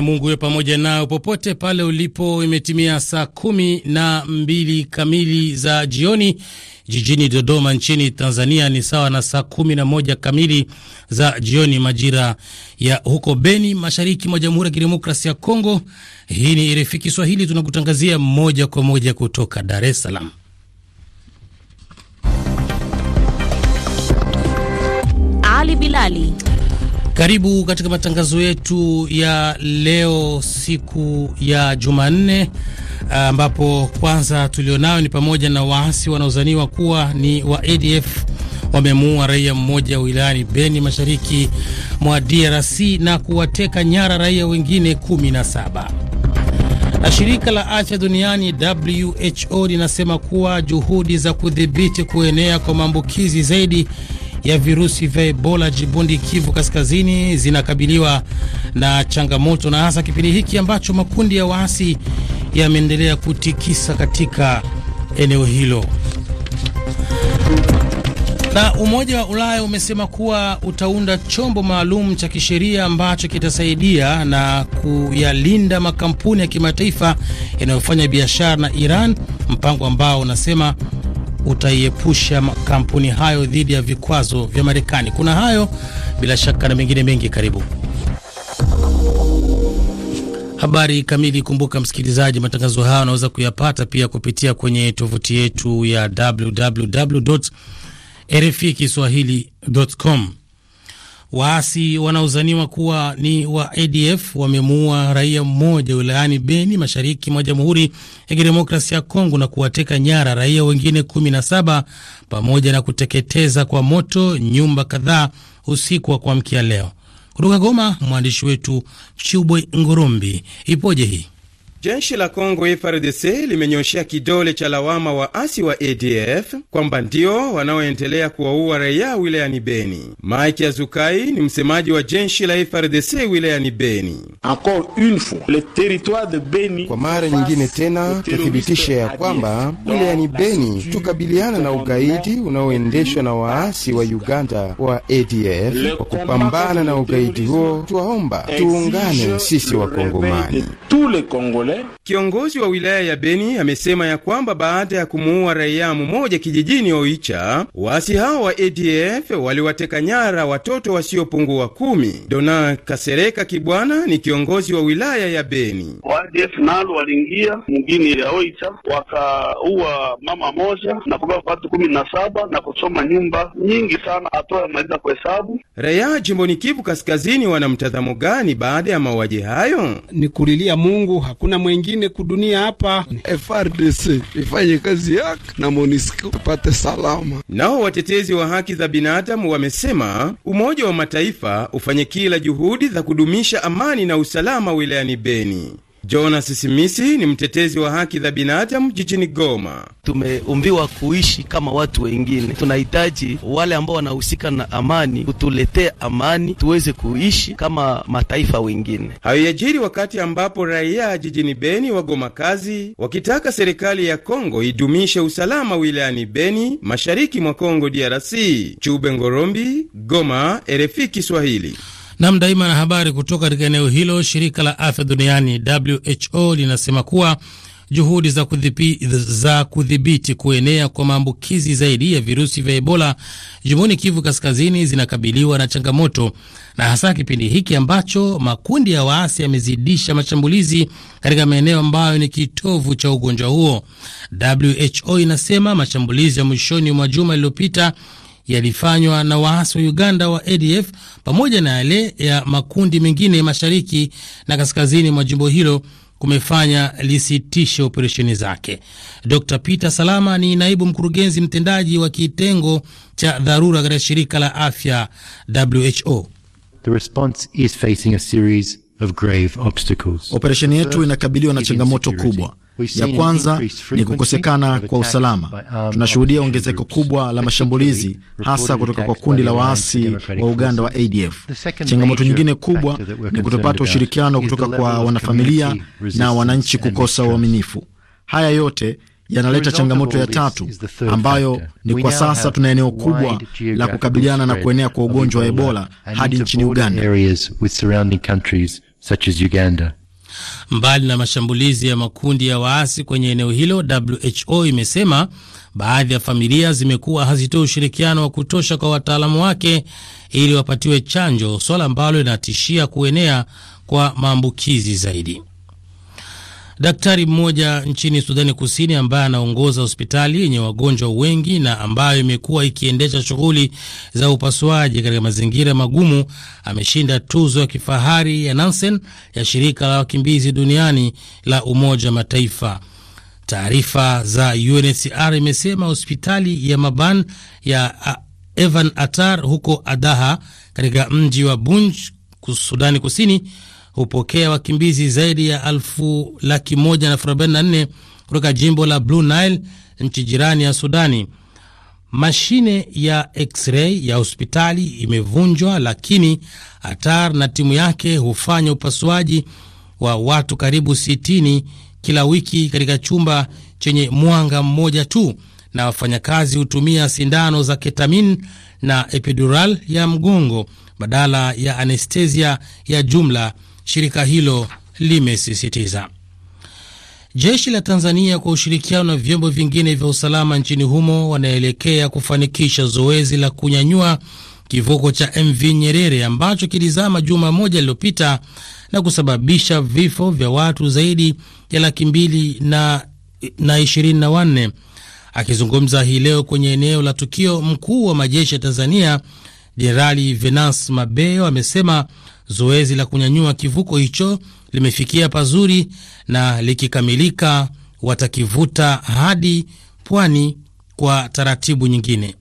ya Mungu iwe pamoja nao popote pale ulipo. Imetimia saa kumi na mbili kamili za jioni jijini Dodoma nchini Tanzania, ni sawa na saa kumi na moja kamili za jioni majira ya huko Beni, mashariki mwa Jamhuri ya Kidemokrasia ya Kongo. Hii ni RFI Kiswahili, tunakutangazia moja kwa moja kutoka Dar es Salaam. Ali Bilali karibu katika matangazo yetu ya leo siku ya Jumanne, ambapo kwanza tulionayo ni pamoja na waasi wanaozaniwa kuwa ni wa ADF wamemuua raia mmoja wilayani Beni mashariki mwa DRC na kuwateka nyara raia wengine 17. Na shirika la afya duniani WHO linasema kuwa juhudi za kudhibiti kuenea kwa maambukizi zaidi ya virusi vya Ebola jimboni Kivu Kaskazini zinakabiliwa na changamoto na hasa kipindi hiki ambacho makundi ya waasi yameendelea kutikisa katika eneo hilo. Na Umoja wa Ulaya umesema kuwa utaunda chombo maalum cha kisheria ambacho kitasaidia na kuyalinda makampuni ya kimataifa yanayofanya biashara na Iran, mpango ambao unasema utaiepusha kampuni hayo dhidi ya vikwazo vya Marekani? Kuna hayo bila shaka na mengine mengi, karibu Habari kamili. Kumbuka msikilizaji, matangazo haya unaweza kuyapata pia kupitia kwenye tovuti yetu ya www RFI Kiswahili.com. Waasi wanaozaniwa kuwa ni wa ADF wamemuua raia mmoja wilayani Beni, mashariki mwa Jamhuri ya Kidemokrasia ya Kongo na kuwateka nyara raia wengine 17 pamoja na kuteketeza kwa moto nyumba kadhaa usiku wa kuamkia leo. Kutoka Goma, mwandishi wetu Chubwe Ngurumbi. Ipoje hii Jeshi la Kongo FRDC limenyoshea kidole cha lawama waasi wa ADF kwamba ndio wanaoendelea kuwaua raia wilayani Beni. Mike Azukai ni msemaji wa jeshi la FRDC wilayani Beni. Kwa mara nyingine tena tuthibitisha ya kwamba wilayani Beni tukabiliana na ugaidi unaoendeshwa na waasi wa Uganda wa ADF. Kwa kupambana na ugaidi huo, tuwaomba tuungane sisi Wakongomani. Kiongozi wa wilaya ya Beni amesema ya kwamba baada ya kumuua raia mmoja kijijini Oicha, waasi hao wa ADF waliwateka nyara watoto wasiopungua wa kumi. Dona Kasereka Kibwana ni kiongozi wa wilaya ya Beni. Wa ADF nalo waliingia mgini ya Oicha wakaua mama moja na kubeba watu kumi na saba na kuchoma nyumba nyingi sana, hatoa maliza kuhesabu. Raia jimboni Kivu Kaskazini wana mtazamo gani baada ya mauaji hayo? Ni kulilia Mungu, hakuna mwengine kudunia hapa, FRDC ifanye kazi yake na MONUSCO tupate salama. Nao watetezi wa haki za binadamu wamesema Umoja wa Mataifa ufanye kila juhudi za kudumisha amani na usalama wilayani Beni. Jonas Simisi ni mtetezi wa haki za binadamu jijini Goma. Tumeumbiwa kuishi kama watu wengine, tunahitaji wale ambao wanahusika na amani kutuletea amani, tuweze kuishi kama mataifa wengine. Hayo yajiri wakati ambapo raia jijini Beni wagoma kazi wakitaka serikali ya Kongo idumishe usalama wilayani Beni, mashariki mwa Kongo DRC. Chube Ngorombi, Goma, RFI Kiswahili. Nam daima na habari kutoka katika eneo hilo, shirika la afya duniani WHO linasema kuwa juhudi za kudhibiti, za kudhibiti kuenea kwa maambukizi zaidi ya virusi vya Ebola jimboni Kivu Kaskazini zinakabiliwa na changamoto na hasa kipindi hiki ambacho makundi ya waasi yamezidisha mashambulizi katika maeneo ambayo ni kitovu cha ugonjwa huo. WHO inasema mashambulizi ya mwishoni mwa juma lililopita yalifanywa na waasi wa Uganda wa ADF pamoja na yale ya makundi mengine mashariki na kaskazini mwa jimbo hilo kumefanya lisitishe operesheni zake. Dr Peter Salama ni naibu mkurugenzi mtendaji wa kitengo cha dharura katika shirika la afya WHO. The response is facing a series Operesheni yetu inakabiliwa na changamoto kubwa. Ya kwanza ni kukosekana kwa usalama. Tunashuhudia ongezeko kubwa la mashambulizi hasa kutoka kwa kundi la waasi wa Uganda wa ADF. Changamoto nyingine kubwa ni kutopata ushirikiano kutoka kwa wanafamilia na wananchi kukosa uaminifu. Haya yote yanaleta changamoto ya tatu ambayo ni kwa sasa tuna eneo kubwa la kukabiliana na kuenea kwa ugonjwa wa Ebola hadi nchini Uganda. Mbali na mashambulizi ya makundi ya waasi kwenye eneo hilo, WHO imesema baadhi ya familia zimekuwa hazitoi ushirikiano wa kutosha kwa wataalamu wake ili wapatiwe chanjo, swala ambalo linatishia kuenea kwa maambukizi zaidi. Daktari mmoja nchini Sudani Kusini ambaye anaongoza hospitali yenye wagonjwa wengi na ambayo imekuwa ikiendesha shughuli za upasuaji katika mazingira magumu ameshinda tuzo ya kifahari ya Nansen ya shirika la wakimbizi duniani la Umoja wa Mataifa. Taarifa za UNHCR imesema hospitali ya Maban ya uh, Evan Atar huko Adaha katika mji wa Bunj Sudani Kusini hupokea wakimbizi zaidi ya elfu laki moja na elfu arobaini na nne kutoka jimbo la Blue Nile, nchi jirani ya Sudani. Mashine ya x-ray ya hospitali imevunjwa, lakini Atar na timu yake hufanya upasuaji wa watu karibu 60 kila wiki katika chumba chenye mwanga mmoja tu, na wafanyakazi hutumia sindano za ketamin na epidural ya mgongo badala ya anestesia ya jumla shirika hilo limesisitiza. Jeshi la Tanzania kwa ushirikiano na vyombo vingine vya usalama nchini humo wanaelekea kufanikisha zoezi la kunyanyua kivuko cha MV Nyerere ambacho kilizama juma moja lililopita na kusababisha vifo vya watu zaidi ya laki mbili na, na ishirini na wanne. Akizungumza hii leo kwenye eneo la tukio, mkuu wa majeshi ya Tanzania Jenerali Venance Mabeyo amesema Zoezi la kunyanyua kivuko hicho limefikia pazuri na likikamilika watakivuta hadi pwani kwa taratibu nyingine.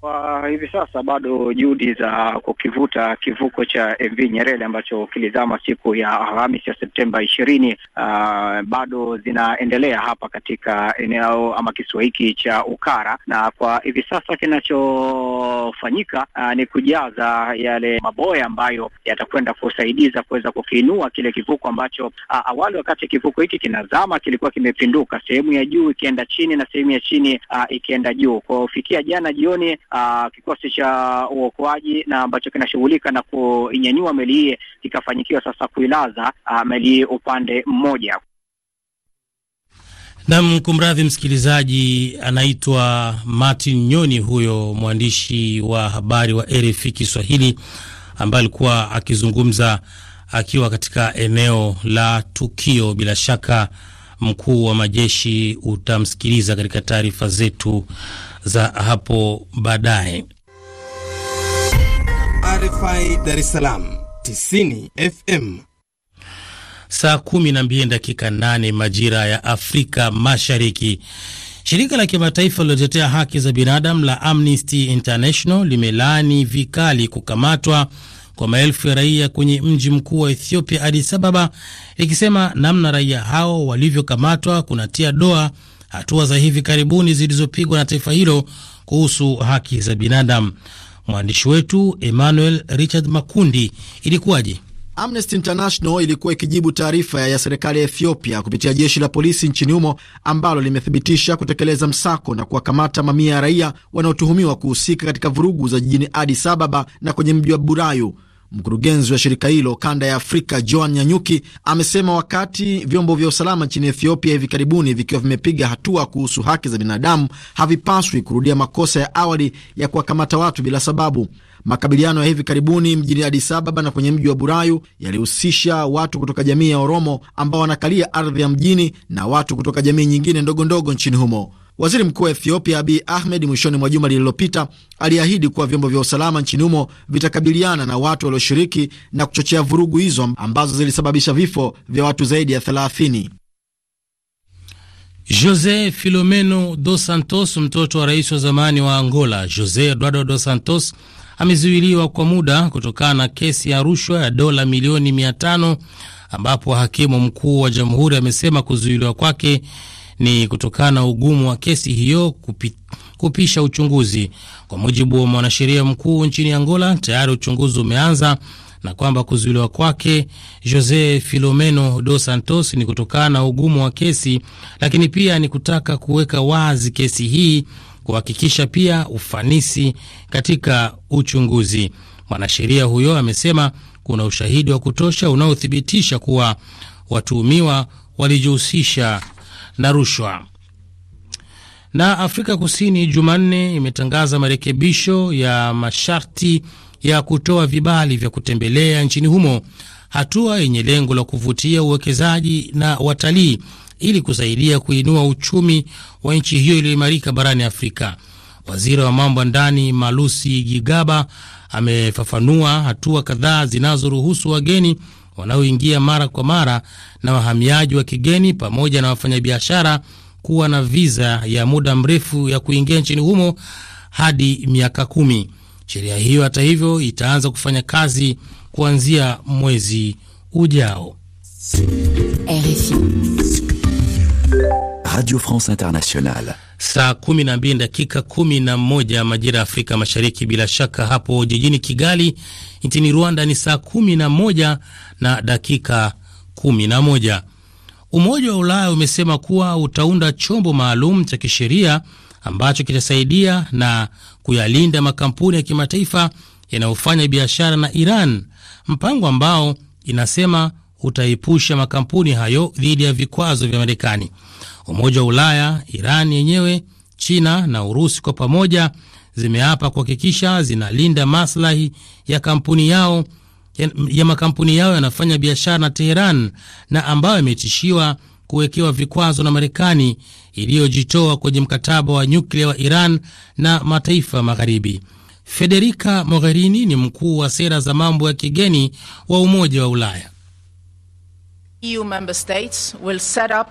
Kwa hivi sasa bado juhudi za kukivuta kivuko cha MV Nyerere ambacho kilizama siku ya Alhamisi ya Septemba ishirini uh, bado zinaendelea hapa katika eneo ama kisiwa hiki cha Ukara, na kwa hivi sasa kinachofanyika uh, ni kujaza yale maboya ambayo yatakwenda kusaidiza kuweza kukiinua kile kivuko ambacho uh, awali wakati kivuko hiki kinazama kilikuwa kimepinduka, sehemu ya juu ikienda chini na sehemu ya chini uh, ikienda juu. Kwa kufikia jana jioni uh, kikosi cha uokoaji na ambacho kinashughulika na kuinyanyua meli hii kikafanyikiwa sasa kuilaza uh, meli hii upande mmoja. Nam, kumradhi msikilizaji, anaitwa Martin Nyoni, huyo mwandishi wa habari wa RFI Kiswahili ambaye alikuwa akizungumza akiwa katika eneo la tukio. Bila shaka mkuu wa majeshi utamsikiliza katika taarifa zetu za hapo baadaye. RFI Dar es Salaam 90 FM saa 12 dakika 8 majira ya Afrika Mashariki. Shirika la kimataifa lilotetea haki za binadamu la Amnesty International limelaani vikali kukamatwa kwa maelfu ya raia kwenye mji mkuu wa Ethiopia, Addis Ababa, ikisema namna raia hao walivyokamatwa kunatia doa hatua za hivi karibuni zilizopigwa na taifa hilo kuhusu haki za binadamu. Mwandishi wetu Emmanuel Richard Makundi, ilikuwaje? Amnesty International ilikuwa ikijibu taarifa ya serikali ya Ethiopia kupitia jeshi la polisi nchini humo ambalo limethibitisha kutekeleza msako na kuwakamata mamia ya raia wanaotuhumiwa kuhusika katika vurugu za jijini Addis Ababa na kwenye mji wa Burayu. Mkurugenzi wa shirika hilo kanda ya Afrika Joan Nyanyuki amesema wakati vyombo vya usalama nchini Ethiopia hivi karibuni vikiwa vimepiga hatua kuhusu haki za binadamu, havipaswi kurudia makosa ya awali ya kuwakamata watu bila sababu. Makabiliano ya hivi karibuni mjini Addis Ababa na kwenye mji wa Burayu yalihusisha watu kutoka jamii ya Oromo ambao wanakalia ardhi ya mjini na watu kutoka jamii nyingine ndogo ndogo nchini humo. Waziri mkuu wa Ethiopia abi Ahmed mwishoni mwa juma lililopita aliahidi kuwa vyombo vya usalama nchini humo vitakabiliana na watu walioshiriki na kuchochea vurugu hizo ambazo zilisababisha vifo vya watu zaidi ya 30. Jose Filomeno dos Santos, mtoto wa rais wa zamani wa Angola Jose Eduardo dos Santos, amezuiliwa kwa muda kutokana na kesi ya rushwa ya dola milioni 500 ambapo hakimu mkuu wa jamhuri amesema kuzuiliwa kwake ni kutokana na ugumu wa kesi hiyo kupi, kupisha uchunguzi. Kwa mujibu wa mwanasheria mkuu nchini Angola, tayari uchunguzi umeanza na kwamba kuzuiliwa kwake Jose Filomeno dos Santos ni kutokana na ugumu wa kesi, lakini pia ni kutaka kuweka wazi kesi hii, kuhakikisha pia ufanisi katika uchunguzi. Mwanasheria huyo amesema kuna ushahidi wa kutosha unaothibitisha kuwa watuhumiwa walijihusisha na rushwa. Na Afrika Kusini Jumanne imetangaza marekebisho ya masharti ya kutoa vibali vya kutembelea nchini humo, hatua yenye lengo la kuvutia uwekezaji na watalii ili kusaidia kuinua uchumi wa nchi hiyo iliyoimarika barani Afrika. Waziri wa mambo ya ndani Malusi Gigaba amefafanua hatua kadhaa zinazoruhusu wageni wanaoingia mara kwa mara na wahamiaji wa kigeni pamoja na wafanyabiashara kuwa na viza ya muda mrefu ya kuingia nchini humo hadi miaka kumi. Sheria hiyo hata hivyo itaanza kufanya kazi kuanzia mwezi ujao. RFI. Radio France Internationale. Saa kumi na mbili dakika kumi na moja majira ya Afrika Mashariki, bila shaka hapo jijini Kigali nchini Rwanda ni saa kumi na moja na dakika kumi na moja. Umoja wa Ulaya umesema kuwa utaunda chombo maalum cha kisheria ambacho kitasaidia na kuyalinda makampuni ya kimataifa yanayofanya biashara na Iran, mpango ambao inasema utaepusha makampuni hayo dhidi ya vikwazo vya Marekani. Umoja wa Ulaya, Iran yenyewe, China na Urusi kwa pamoja zimeapa kuhakikisha zinalinda maslahi ya kampuni yao ya makampuni yao yanafanya biashara na Teheran na ambayo imetishiwa kuwekewa vikwazo na Marekani iliyojitoa kwenye mkataba wa nyuklia wa Iran na mataifa magharibi. Federica Mogherini ni mkuu wa sera za mambo ya kigeni wa Umoja wa Ulaya. EU member states will set up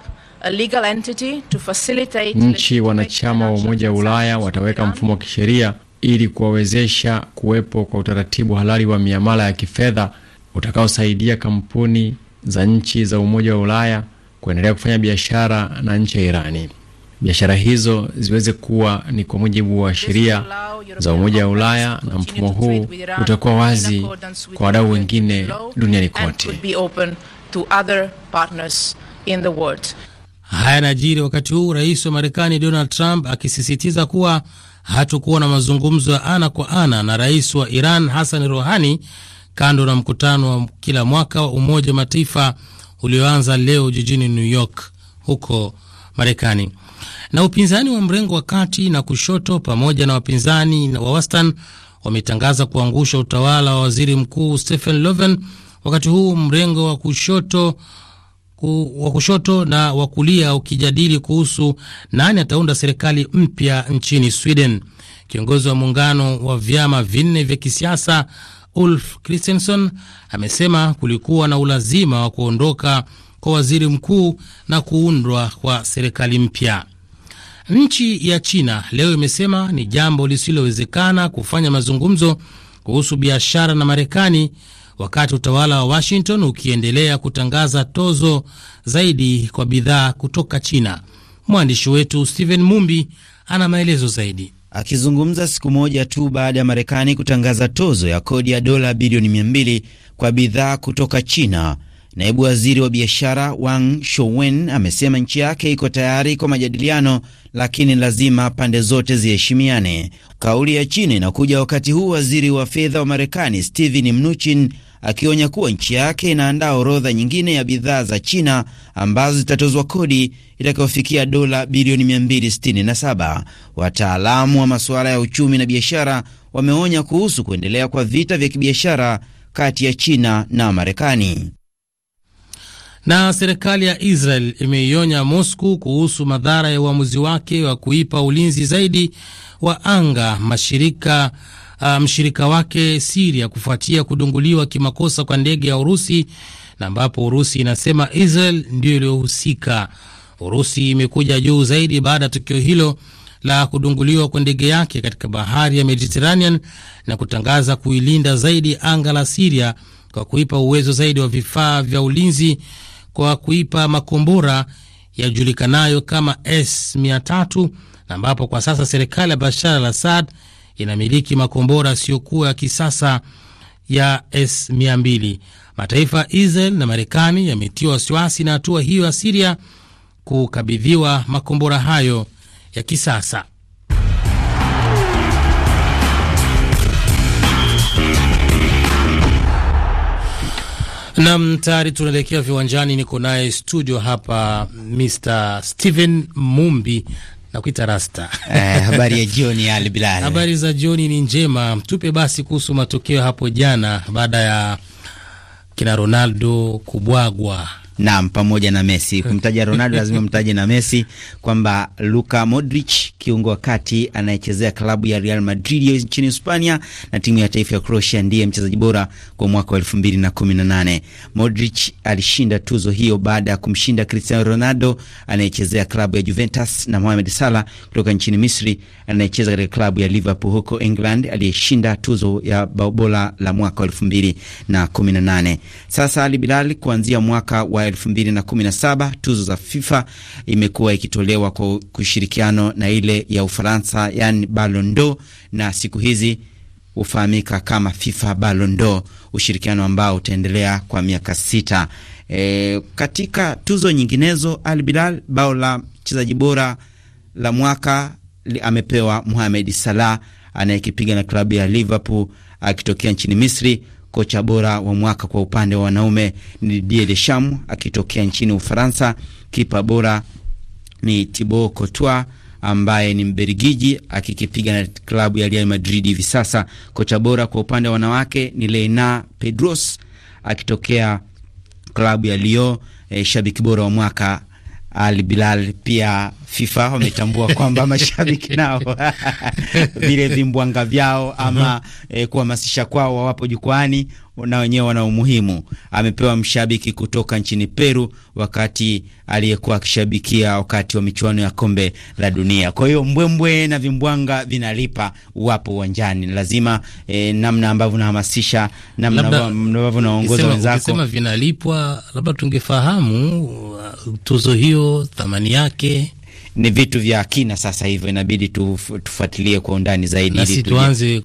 nchi wanachama wa Umoja wa Ulaya wataweka mfumo wa kisheria ili kuwawezesha kuwepo kwa utaratibu halali wa miamala ya kifedha utakaosaidia kampuni za nchi za Umoja wa Ulaya kuendelea kufanya biashara na nchi ya Irani. Biashara hizo ziweze kuwa ni kwa mujibu wa sheria za Umoja wa Ulaya, na mfumo huu utakuwa wazi kwa wadau wengine duniani kote. Haya yanajiri wakati huu rais wa Marekani Donald Trump akisisitiza kuwa hatukuwa na mazungumzo ya ana kwa ana na rais wa Iran Hassan Rouhani, kando na mkutano wa kila mwaka wa Umoja wa Mataifa ulioanza leo jijini New York huko Marekani. Na upinzani wa mrengo wa kati na kushoto pamoja na wapinzani wa wastan wametangaza kuangusha utawala wa waziri mkuu Stephen Loven, wakati huu mrengo wa kushoto wa kushoto na wa kulia ukijadili kuhusu nani ataunda serikali mpya nchini Sweden. Kiongozi wa muungano wa vyama vinne vya kisiasa Ulf Kristensson amesema kulikuwa na ulazima wa kuondoka kwa waziri mkuu na kuundwa kwa serikali mpya. Nchi ya China leo imesema ni jambo lisilowezekana kufanya mazungumzo kuhusu biashara na Marekani wakati utawala wa Washington ukiendelea kutangaza tozo zaidi kwa bidhaa kutoka China. Mwandishi wetu Stephen Mumbi ana maelezo zaidi. Akizungumza siku moja tu baada ya Marekani kutangaza tozo ya kodi ya dola bilioni 200 kwa bidhaa kutoka China, naibu waziri wa biashara Wang showen amesema nchi yake iko tayari kwa majadiliano, lakini lazima pande zote ziheshimiane. Kauli ya China inakuja wakati huu waziri wa fedha wa Marekani Steven Mnuchin akionya kuwa nchi yake inaandaa orodha nyingine ya bidhaa za China ambazo zitatozwa kodi itakayofikia dola bilioni 267. Wataalamu wa masuala ya uchumi na biashara wameonya kuhusu kuendelea kwa vita vya kibiashara kati ya China na Marekani. Na serikali ya Israel imeionya mosku kuhusu madhara ya uamuzi wake wa kuipa ulinzi zaidi wa anga mashirika Ah, mshirika um, wake Siria kufuatia kudunguliwa kimakosa kwa ndege ya Urusi na ambapo Urusi inasema Israel ndiyo iliyohusika. Urusi imekuja juu zaidi baada ya tukio hilo la kudunguliwa kwa ndege yake katika bahari ya Mediterranean na kutangaza kuilinda zaidi anga la Siria kwa kuipa uwezo zaidi wa vifaa vya ulinzi kwa kuipa makombora yajulikanayo kama S 300 na ambapo kwa sasa serikali ya Bashar al Assad inamiliki makombora yasiyokuwa ya kisasa ya S-200. Mataifa ya Israel na Marekani yametiwa wasiwasi na hatua hiyo ya Siria kukabidhiwa makombora hayo ya kisasa. Nam, tayari tunaelekea viwanjani. Niko naye studio hapa Mr Steven Mumbi Nakuita Rasta. Eh, habari ya jioni ya Bilal. Habari za jioni ni njema. Tupe basi kuhusu matokeo hapo jana baada ya kina Ronaldo kubwagwa Naam, pamoja na Messi. Kumtaja Ronaldo lazima mtaje na Messi, kwamba Luka Modric, kiungo wa kati anayechezea klabu ya Real Madrid nchini Hispania na timu ya taifa ya Croatia, ndiye mchezaji bora kwa mwaka wa na na kumi nane. Modric alishinda tuzo hiyo baada ya kumshinda Cristiano Ronaldo anayechezea klabu ya Juventus na Mohamed Salah kutoka nchini Misri anayecheza katika klabu ya Liverpool huko England, aliyeshinda tuzo ya bao bora la mwaka wa na na kumi nane. Sasa Ali Bilali, kuanzia mwaka wa mwaka tuzo za FIFA imekuwa ikitolewa kwa kushirikiano na ile ya Ufaransa, yani Ballon d'Or, na siku hizi hufahamika kama FIFA Ballon d'Or, ushirikiano ambao utaendelea kwa miaka sita. E, katika tuzo nyinginezo, Al Bilal, bao la mchezaji bora la mwaka li, amepewa Mohamed Salah anayekipiga na klabu ya Liverpool akitokea nchini Misri Kocha bora wa mwaka kwa upande wa wanaume ni Didier Deschamps akitokea nchini Ufaransa. Kipa bora ni Thibaut Courtois ambaye ni mbergiji akikipiga na klabu ya Real Madrid hivi sasa. Kocha bora kwa upande wa wanawake ni Leina Pedros akitokea klabu ya Lyon. E, shabiki bora wa mwaka ali Bilal. Pia FIFA wametambua kwamba mashabiki nao vile vimbwanga vyao ama mm -hmm. E, kuhamasisha kwao wawapo jukwani na wenyewe wana umuhimu. Amepewa mshabiki kutoka nchini Peru wakati aliyekuwa akishabikia wakati wa michuano ya kombe la dunia. Kwa hiyo mbwembwe na vimbwanga vinalipa, wapo uwanjani lazima. Eh, namna ambavyo unahamasisha, namna ambavyo unaongoza wenzako, ukisema vinalipwa, labda tungefahamu uh, tuzo hiyo, thamani yake ni vitu vya akina. Sasa hivyo inabidi tufuatilie kwa undani zaidi, na si tuanze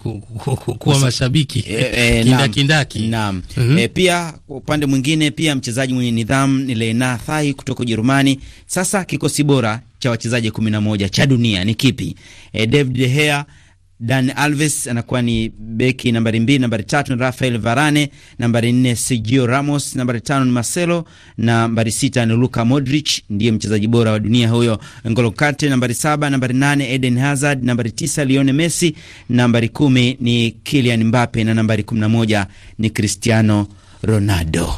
kuwa mashabiki e, eh, e, eh, kindakindaki. Naam, mm -hmm. E, pia kwa upande mwingine pia mchezaji mwenye nidhamu ni Lena Thai kutoka Ujerumani. Sasa kikosi bora cha wachezaji 11 cha dunia ni kipi? E, David De Gea Dan Alves anakuwa ni beki nambari mbili, nambari tatu ni Rafael Varane, nambari nne Sergio Ramos, nambari tano ni Marcelo na nambari sita ni Luka Modric, ndiye mchezaji bora wa dunia huyo. N'Golo Kante nambari saba, nambari nane Eden Hazard, nambari tisa Lione Messi, nambari kumi ni Kylian Mbappe na nambari kumi na moja ni Cristiano Ronaldo.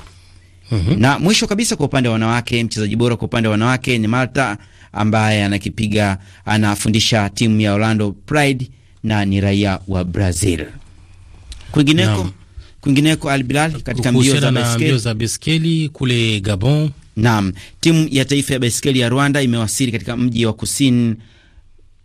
Mm -hmm. Na mwisho kabisa kwa upande wa wanawake, mchezaji bora kwa upande wa wanawake ni Malta ambaye anakipiga anafundisha timu ya Orlando Pride na ni raia wa Brazil. Kwingineko kwingineko Al Bilal, katika mbio za baiskeli za baiskeli kule Gabon. Naam, timu ya taifa ya baiskeli ya Rwanda imewasili katika mji wa kusini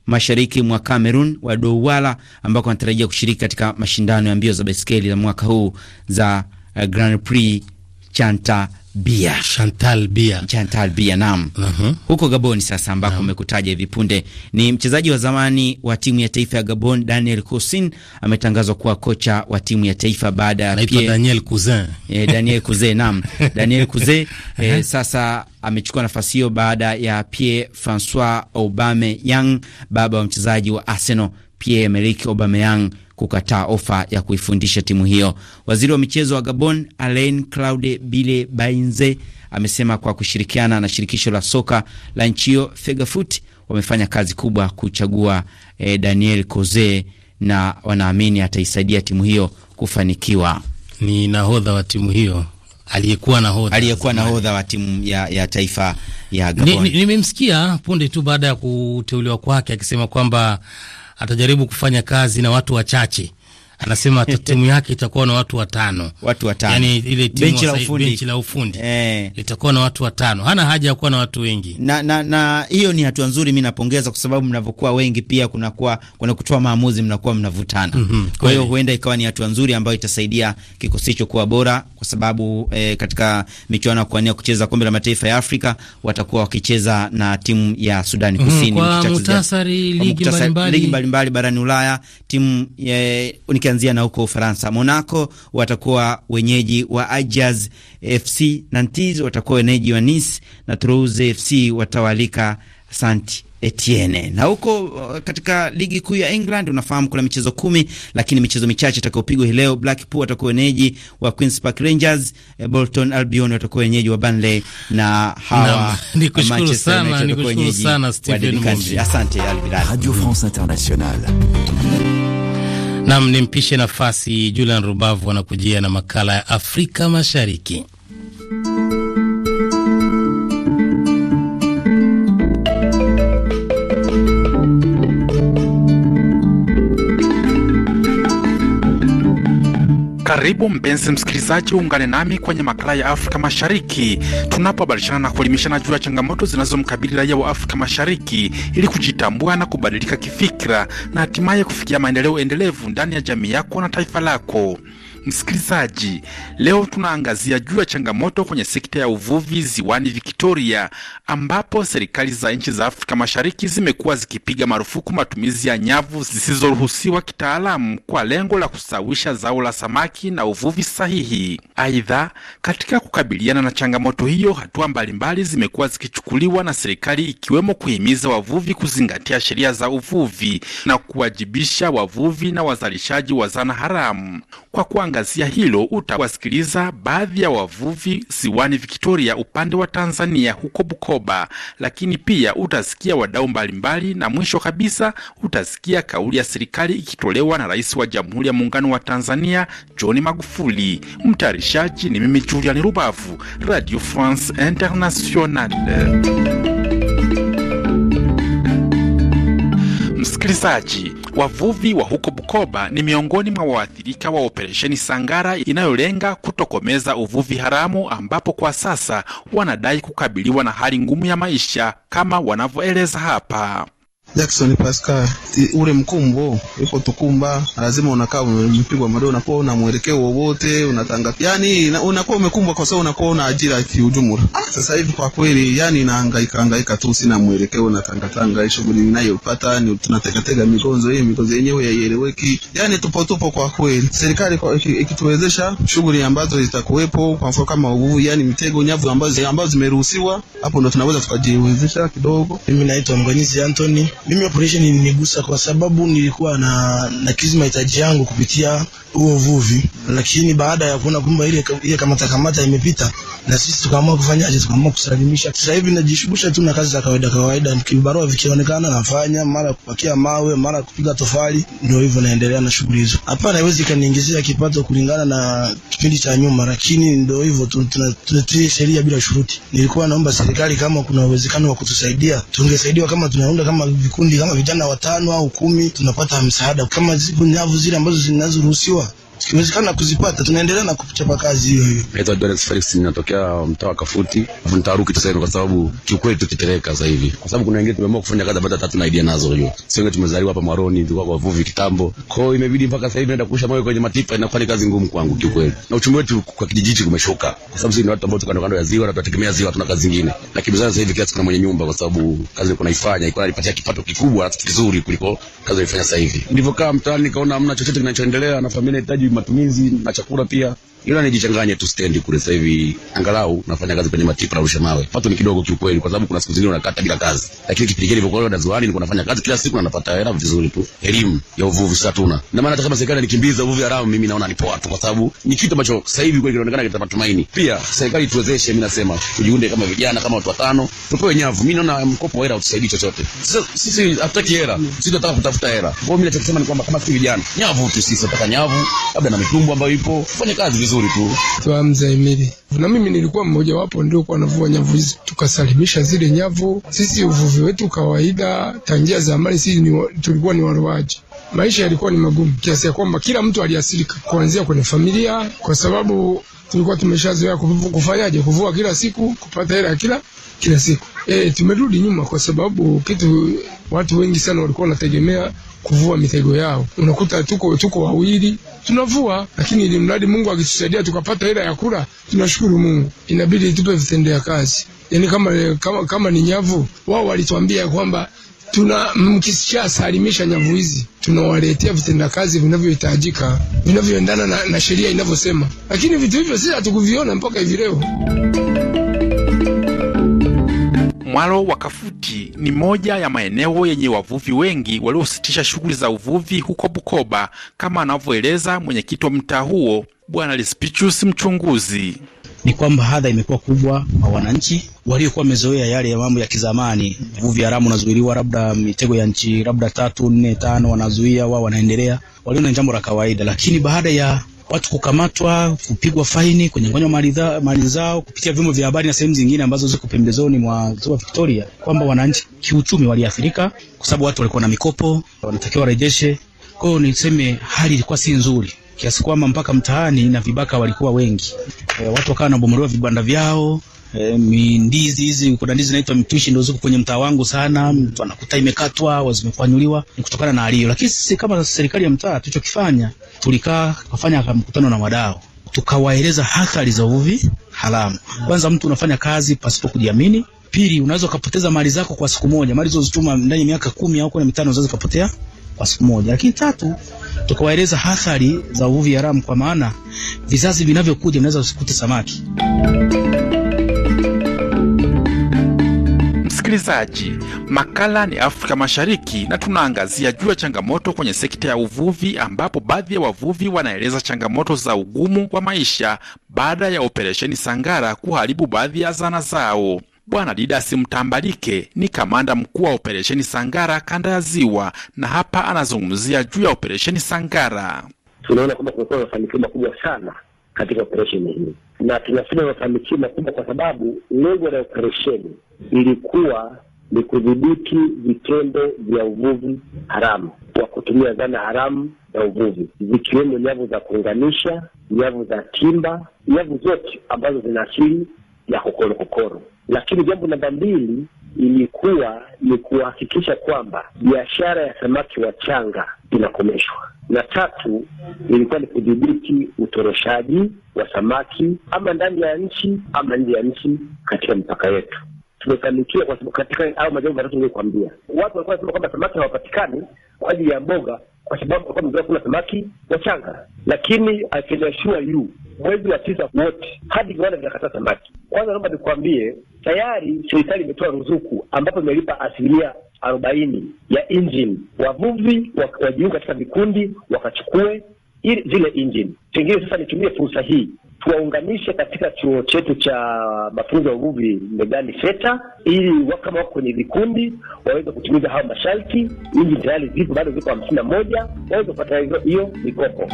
mashariki mwa Cameroon wa Douala, ambako wanatarajia kushiriki katika mashindano ya mbio za baiskeli za mwaka huu za uh, Grand Prix Chanta Bia. Chantal Bia. Chantal Bia, naam. Uh -huh. Huko Gabon sasa ambako umekutaja hivi punde ni mchezaji wa zamani wa timu ya taifa ya Gabon Daniel Cousin ametangazwa kuwa kocha wa timu ya taifa baada ya pia Daniel Cousin. Eh, Daniel Cousin, naam. Daniel Cousin eh, uh-huh. sasa amechukua nafasi hiyo baada ya Pierre Francois Aubameyang, baba wa mchezaji wa Arsenal Pierre-Emerick Aubameyang kukataa ofa ya kuifundisha timu hiyo. Waziri wa michezo wa Gabon Alain Claude Bile Bainze amesema kwa kushirikiana na shirikisho la soka la nchi hiyo Fegafoot wamefanya kazi kubwa kuchagua eh, Daniel Koze na wanaamini ataisaidia timu hiyo kufanikiwa. Ni nahodha wa timu hiyo aliyekuwa nahodha aliyekuwa nahodha wa timu ya, ya taifa ya Gabon. Nimemsikia ni, ni punde tu baada ya kuteuliwa kwake akisema kwamba atajaribu kufanya kazi na watu wachache anasema timu yake itakuwa na watu watano, watu watano, yani ile timu benchi la ufundi, benchi la ufundi eh, litakuwa na watu watano. Hana haja ya kuwa na watu wengi, na na, na hiyo ni hatua nzuri, mimi napongeza, kwa sababu mnavyokuwa wengi pia kunakuwa kuna kutoa maamuzi, mnakuwa mnavutana mm -hmm. Kwa hiyo huenda ikawa ni hatua nzuri ambayo itasaidia kikosi hicho kuwa bora, kwa sababu eh, katika michuano ya kuania kucheza kombe la mataifa ya Afrika watakuwa wakicheza na timu ya Sudani mhm, Kusini mm -hmm. Kwa muhtasari, ligi mbalimbali mbali barani Ulaya timu eh, tukianzia na huko Ufaransa, Monaco watakuwa wenyeji wa Ajax FC, Nantes watakuwa wenyeji wa Nice na Toulouse FC watawalika Saint Etienne. Na huko uh, katika ligi kuu ya England unafahamu kuna michezo kumi, lakini michezo michache itakayopigwa hii leo. Blackpool watakuwa wenyeji wa Queens Park Rangers, eh, Bolton Albion watakuwa wenyeji wa Burnley na hawa Manchester United watakuwa wenyeji wa Asante. Radio France Internationale Nam ni mpishe nafasi Julian Rubavu anakujia na makala ya Afrika Mashariki. Karibu mpenzi msikilizaji, uungane nami kwenye makala ya Afrika Mashariki tunapobadilishana na kuelimishana juu ya changamoto zinazomkabili raia wa Afrika Mashariki ili kujitambua na kubadilika kifikira na hatimaye kufikia maendeleo endelevu ndani ya jamii yako na taifa lako. Msikilizaji, leo tunaangazia juu ya changamoto kwenye sekta ya uvuvi ziwani Victoria, ambapo serikali za nchi za Afrika Mashariki zimekuwa zikipiga marufuku matumizi ya nyavu zisizoruhusiwa kitaalamu kwa lengo la kusawisha zao la samaki na uvuvi sahihi. Aidha, katika kukabiliana na changamoto hiyo, hatua mbalimbali zimekuwa zikichukuliwa na serikali, ikiwemo kuhimiza wavuvi kuzingatia sheria za uvuvi na kuwajibisha wavuvi na wazalishaji wa zana haramu kwa Tukiangazia hilo, utawasikiliza baadhi ya wavuvi ziwani Victoria upande wa Tanzania huko Bukoba, lakini pia utasikia wadau mbalimbali, na mwisho kabisa utasikia kauli ya serikali ikitolewa na Rais wa Jamhuri ya Muungano wa Tanzania John Magufuli. Mtayarishaji ni mimi Julian Rubavu, Radio France Internationale. Msikilizaji, wavuvi wa huko Bukoba ni miongoni mwa waathirika wa operesheni Sangara inayolenga kutokomeza uvuvi haramu, ambapo kwa sasa wanadai kukabiliwa na hali ngumu ya maisha kama wanavyoeleza hapa. Jackson Pascal ule mkumbo yuko tukumba, lazima unakaa umepigwa madoa, unakuwa una mwelekeo wowote, unatanga yani unakuwa umekumbwa, kwa sababu unakuwa una ajira kiujumla. Ah, sasa hivi kwa kweli, yani nahangaika hangaika tu, sina mwelekeo, natanga tanga, shughuli ninayopata ni tunatekateka migonzo hii, migonzo yenyewe haieleweki, yani tupo tupo kwa kweli. Serikali ikituwezesha shughuli ambazo zitakuwepo, kwa mfano kama uvuvi, yani mitego, nyavu ambazo ambazo zimeruhusiwa, hapo ndo tunaweza tukajiwezesha kidogo. Mimi naitwa Mganyizi Anthony mimi operation ilinigusa kwa sababu nilikuwa na nakizi mahitaji yangu kupitia huo uvuvi, lakini baada ya kuona kwamba ile ile kamata kamata imepita, na sisi tukaamua kufanyaje? Tukaamua kusalimisha. Sasa hivi najishughulisha tu na kazi za kawaida kawaida, kibarua vikionekana nafanya, mara kupakia mawe, mara kupiga tofali, ndio hivyo naendelea na shughuli hizo. Hapana, haiwezi kaniingizia kipato kulingana na kipindi cha nyuma, lakini ndio hivyo, tunatii sheria bila shuruti. Nilikuwa naomba serikali kama kuna uwezekano wa kutusaidia, tungesaidiwa kama tunaunda kama vikundi kama vijana watano au kumi tunapata msaada kama nyavu zile ambazo zinazoruhusiwa ikiwezekana kuzipata, tunaendelea na kuchapa kazi hiyo hiyo. Naitwa Dorex Felix, ninatokea mtaa wa Kafuti, afu nitaruki tuseme, kwa sababu kiukweli tukitereka sasa hivi, kwa sababu kuna wengine tumeamua kufanya kazi baada tatu na idea nazo hiyo, sio wengine tumezaliwa hapa Maroni, tulikuwa kwa vuvi kitambo, kwa hiyo imebidi mpaka sasa hivi naenda kurusha moyo kwenye matipa, inakuwa ni kazi ngumu kwangu kiukweli, na uchumi wetu kwa kijiji hichi kumeshuka, kwa sababu sisi ni watu ambao tuko kando kando ya ziwa na tunategemea ziwa, tuna kazi nyingine, Lakini sasa hivi kiasi kuna mwenye nyumba, kwa sababu kazi nilikuwa naifanya ilikuwa inanipatia kipato kikubwa na kizuri kuliko kazi naifanya sasa hivi. Nilivyokaa mtaani nikaona hamna chochote kinachoendelea na familia inahitaji matumizi na chakula pia, ila nijichanganye tu stendi kule. Sasa hivi angalau nafanya kazi kwenye matipa na rusha mawe, pato ni kidogo kiukweli, kwa sababu kuna siku zingine unakata bila kazi, lakini kipindi kile nilikuwa na zuani nilikuwa nafanya kazi kila siku na napata hela vizuri tu. Elimu ya uvuvi sasa tuna na maana, hata kama serikali nikimbiza uvuvi haramu, mimi naona ni poa tu, kwa sababu ni kitu ambacho sasa hivi kweli kinaonekana kitapata tumaini Pia serikali tuwezeshe, mimi nasema tujiunde kama vijana, kama watu watano, tupewe nyavu. Mimi naona mkopo wa hela utusaidii chochote. Sasa sisi hatutaki hela, sisi tunataka kutafuta hela. Kwa hiyo mimi nachosema ni kwamba kama sisi vijana, nyavu tu, sisi tunataka nyavu labda na mitumbo ambayo ipo, fanye kazi vizuri tu. mzee Twamzaimili na mimi nilikuwa mmoja wapo, ndio kwa navua nyavu hizi, tukasalimisha zile nyavu. Sisi uvuvi wetu kawaida, tangia zamani sisi ni, tulikuwa ni waroaji maisha yalikuwa ni magumu kiasi ya kwamba kila mtu aliasilika kuanzia kwenye familia, kwa sababu tulikuwa tumeshazoea kufanyaje, kuvua kila siku, kupata hela kila kila siku. E, tumerudi nyuma kwa sababu kitu Watu wengi sana walikuwa wanategemea kuvua mitego yao. Unakuta tuko tuko wawili tunavua, lakini ili mradi Mungu akitusaidia tukapata hela ya kula, tunashukuru Mungu. Inabidi tupe vitendea kazi. Yaani kama, kama, kama ni nyavu, wao walituambia kwamba tuna mkisha salimisha nyavu hizi tunawaletea vitenda kazi vinavyohitajika vinavyoendana na, na sheria inavyosema, lakini vitu hivyo sisi hatukuviona mpaka hivi leo. Mwalo wa Kafuti ni moja ya maeneo yenye wavuvi wengi waliositisha shughuli za uvuvi huko Bukoba, kama anavyoeleza mwenyekiti wa mtaa huo Bwana Lispichus Mchunguzi. Ni kwamba hadha imekuwa kubwa kwa wananchi waliokuwa wamezoea yale ya mambo ya kizamani, vuvi haramu unazuiliwa, labda mitego ya nchi labda tatu nne tano wanazuia wao, wanaendelea waliona jambo la kawaida, lakini baada ya watu kukamatwa, kupigwa faini, kunyang'anywa mali zao kupitia vyombo vya habari na sehemu zingine ambazo ziko pembezoni mwa ziwa Victoria, kwamba wananchi kiuchumi waliathirika kwa sababu watu walikuwa na mikopo, wanatakiwa warejeshe. Kwa hiyo niseme hali ilikuwa si nzuri kiasi kwamba mpaka mtaani na vibaka walikuwa wengi. E, watu wakawa wanabomolewa vibanda vyao, E, eh, ndizi hizi, kuna ndizi inaitwa mtwishi ndio ziko kwenye mtaa wangu sana, mtu anakuta imekatwa au zimefanyuliwa ni kutokana na alio. Lakini sisi kama serikali ya mtaa tulichokifanya, tulikaa tukafanya mkutano na wadau, tukawaeleza hatari za uvuvi haramu. Kwanza, mtu unafanya kazi pasipo kujiamini. Pili, unaweza ukapoteza mali zako kwa siku moja, mali zilizozichuma ndani ya miaka kumi au kumi mitano zinaweza kupotea kwa siku moja. Lakini tatu, tukawaeleza hatari za uvuvi haramu, kwa maana vizazi vinavyokuja vinaweza kukuta samaki. msikilizaji, makala ni Afrika Mashariki na tunaangazia juu ya changamoto kwenye sekta ya uvuvi, ambapo baadhi ya wavuvi wanaeleza changamoto za ugumu wa maisha baada ya operesheni Sangara kuharibu baadhi ya zana zao. Bwana Didas Mtambalike ni kamanda mkuu wa operesheni Sangara kanda ya Ziwa, na hapa anazungumzia juu ya operesheni Sangara. Tunaona kwamba kumekuwa na mafanikio makubwa sana katika operesheni hii, na tunasema mafanikio makubwa kwa sababu lengo la operesheni ilikuwa ni kudhibiti vitendo vya uvuvi haramu wa kutumia zana haramu za uvuvi zikiwemo nyavu za kuunganisha, nyavu za timba, nyavu zote ambazo zina asili ya kokoro kokoro. Lakini jambo namba mbili ilikuwa ni kuhakikisha kwamba biashara ya samaki wachanga inakomeshwa, na tatu ilikuwa ni kudhibiti utoroshaji wa samaki ama ndani ya nchi ama nje ya nchi katika mipaka yetu tumefanikiwa kwa sababu katika au majambo matatu niliyokuambia, watu walikuwa wanasema kwamba samaki hawapatikani kwa ajili ya mboga kwa sababu walikuwa wamezoea kula samaki wachanga, lakini I can assure you mwezi wa tisa wote hadi viwanda vinakataa samaki. Kwanza naomba nikuambie, tayari serikali imetoa ruzuku ambapo imelipa asilimia arobaini ya injini wavuvi wajiuu katika vikundi wakachukue ili zile engine. Pengine sasa nitumie fursa hii tuwaunganishe katika chuo chetu cha mafunzo ya uvuvi Mbegani FETA ili kama wako kwenye vikundi waweze kutimiza hayo masharti. Inji tayari zipo, bado ziko hamsini na moja, waweze kupata hiyo mikopo.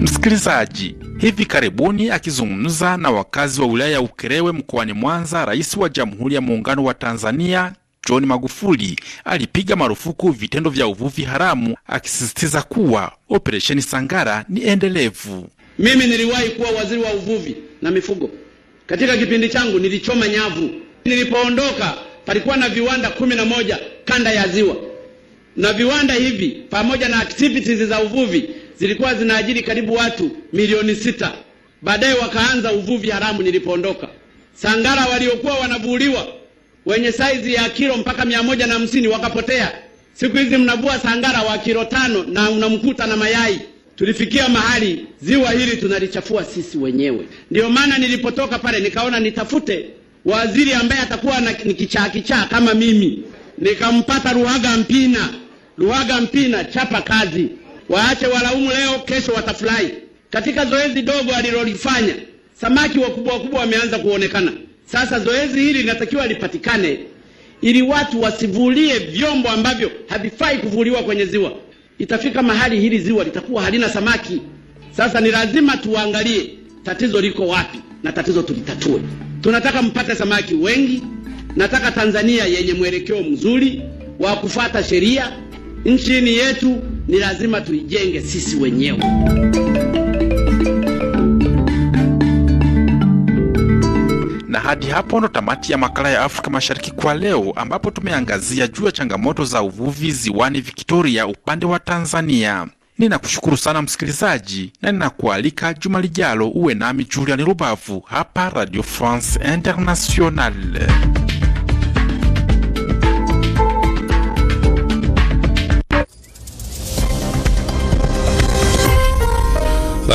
Msikilizaji, hivi karibuni akizungumza na wakazi wa wilaya ya Ukerewe mkoani Mwanza, Rais wa Jamhuri ya Muungano wa Tanzania John Magufuli alipiga marufuku vitendo vya uvuvi haramu, akisisitiza kuwa operesheni Sangara ni endelevu. Mimi niliwahi kuwa waziri wa uvuvi na mifugo. Katika kipindi changu nilichoma nyavu. Nilipoondoka palikuwa na viwanda kumi na moja kanda ya Ziwa, na viwanda hivi pamoja na activities za uvuvi zilikuwa zinaajiri karibu watu milioni sita. Baadaye wakaanza uvuvi haramu nilipoondoka. Sangara waliokuwa wanavuliwa wenye saizi ya kilo mpaka mia moja na hamsini wakapotea. Siku hizi mnavua sangara wa kilo tano na unamkuta na mayai. Tulifikia mahali ziwa hili tunalichafua sisi wenyewe. ndio maana nilipotoka pale nikaona nitafute waziri ambaye atakuwa na kichaa kichaa kama mimi. Nikampata Ruhaga Mpina. Ruhaga Mpina, chapa kazi, waache walaumu leo, kesho watafurahi. Katika zoezi dogo alilolifanya, samaki wakubwa wakubwa wameanza kuonekana. Sasa zoezi hili linatakiwa lipatikane ili watu wasivulie vyombo ambavyo havifai kuvuliwa kwenye ziwa. Itafika mahali hili ziwa litakuwa halina samaki. Sasa ni lazima tuangalie tatizo liko wapi na tatizo tulitatue. Tunataka mpate samaki wengi, nataka Tanzania yenye mwelekeo mzuri wa kufata sheria. Nchini yetu ni lazima tuijenge sisi wenyewe. Na hadi hapo ndo tamati ya makala ya Afrika Mashariki kwa leo, ambapo tumeangazia juu ya changamoto za uvuvi ziwani Victoria upande wa Tanzania. Ninakushukuru sana msikilizaji, na ninakualika juma lijalo uwe nami Julian Rubavu hapa Radio France Internationale.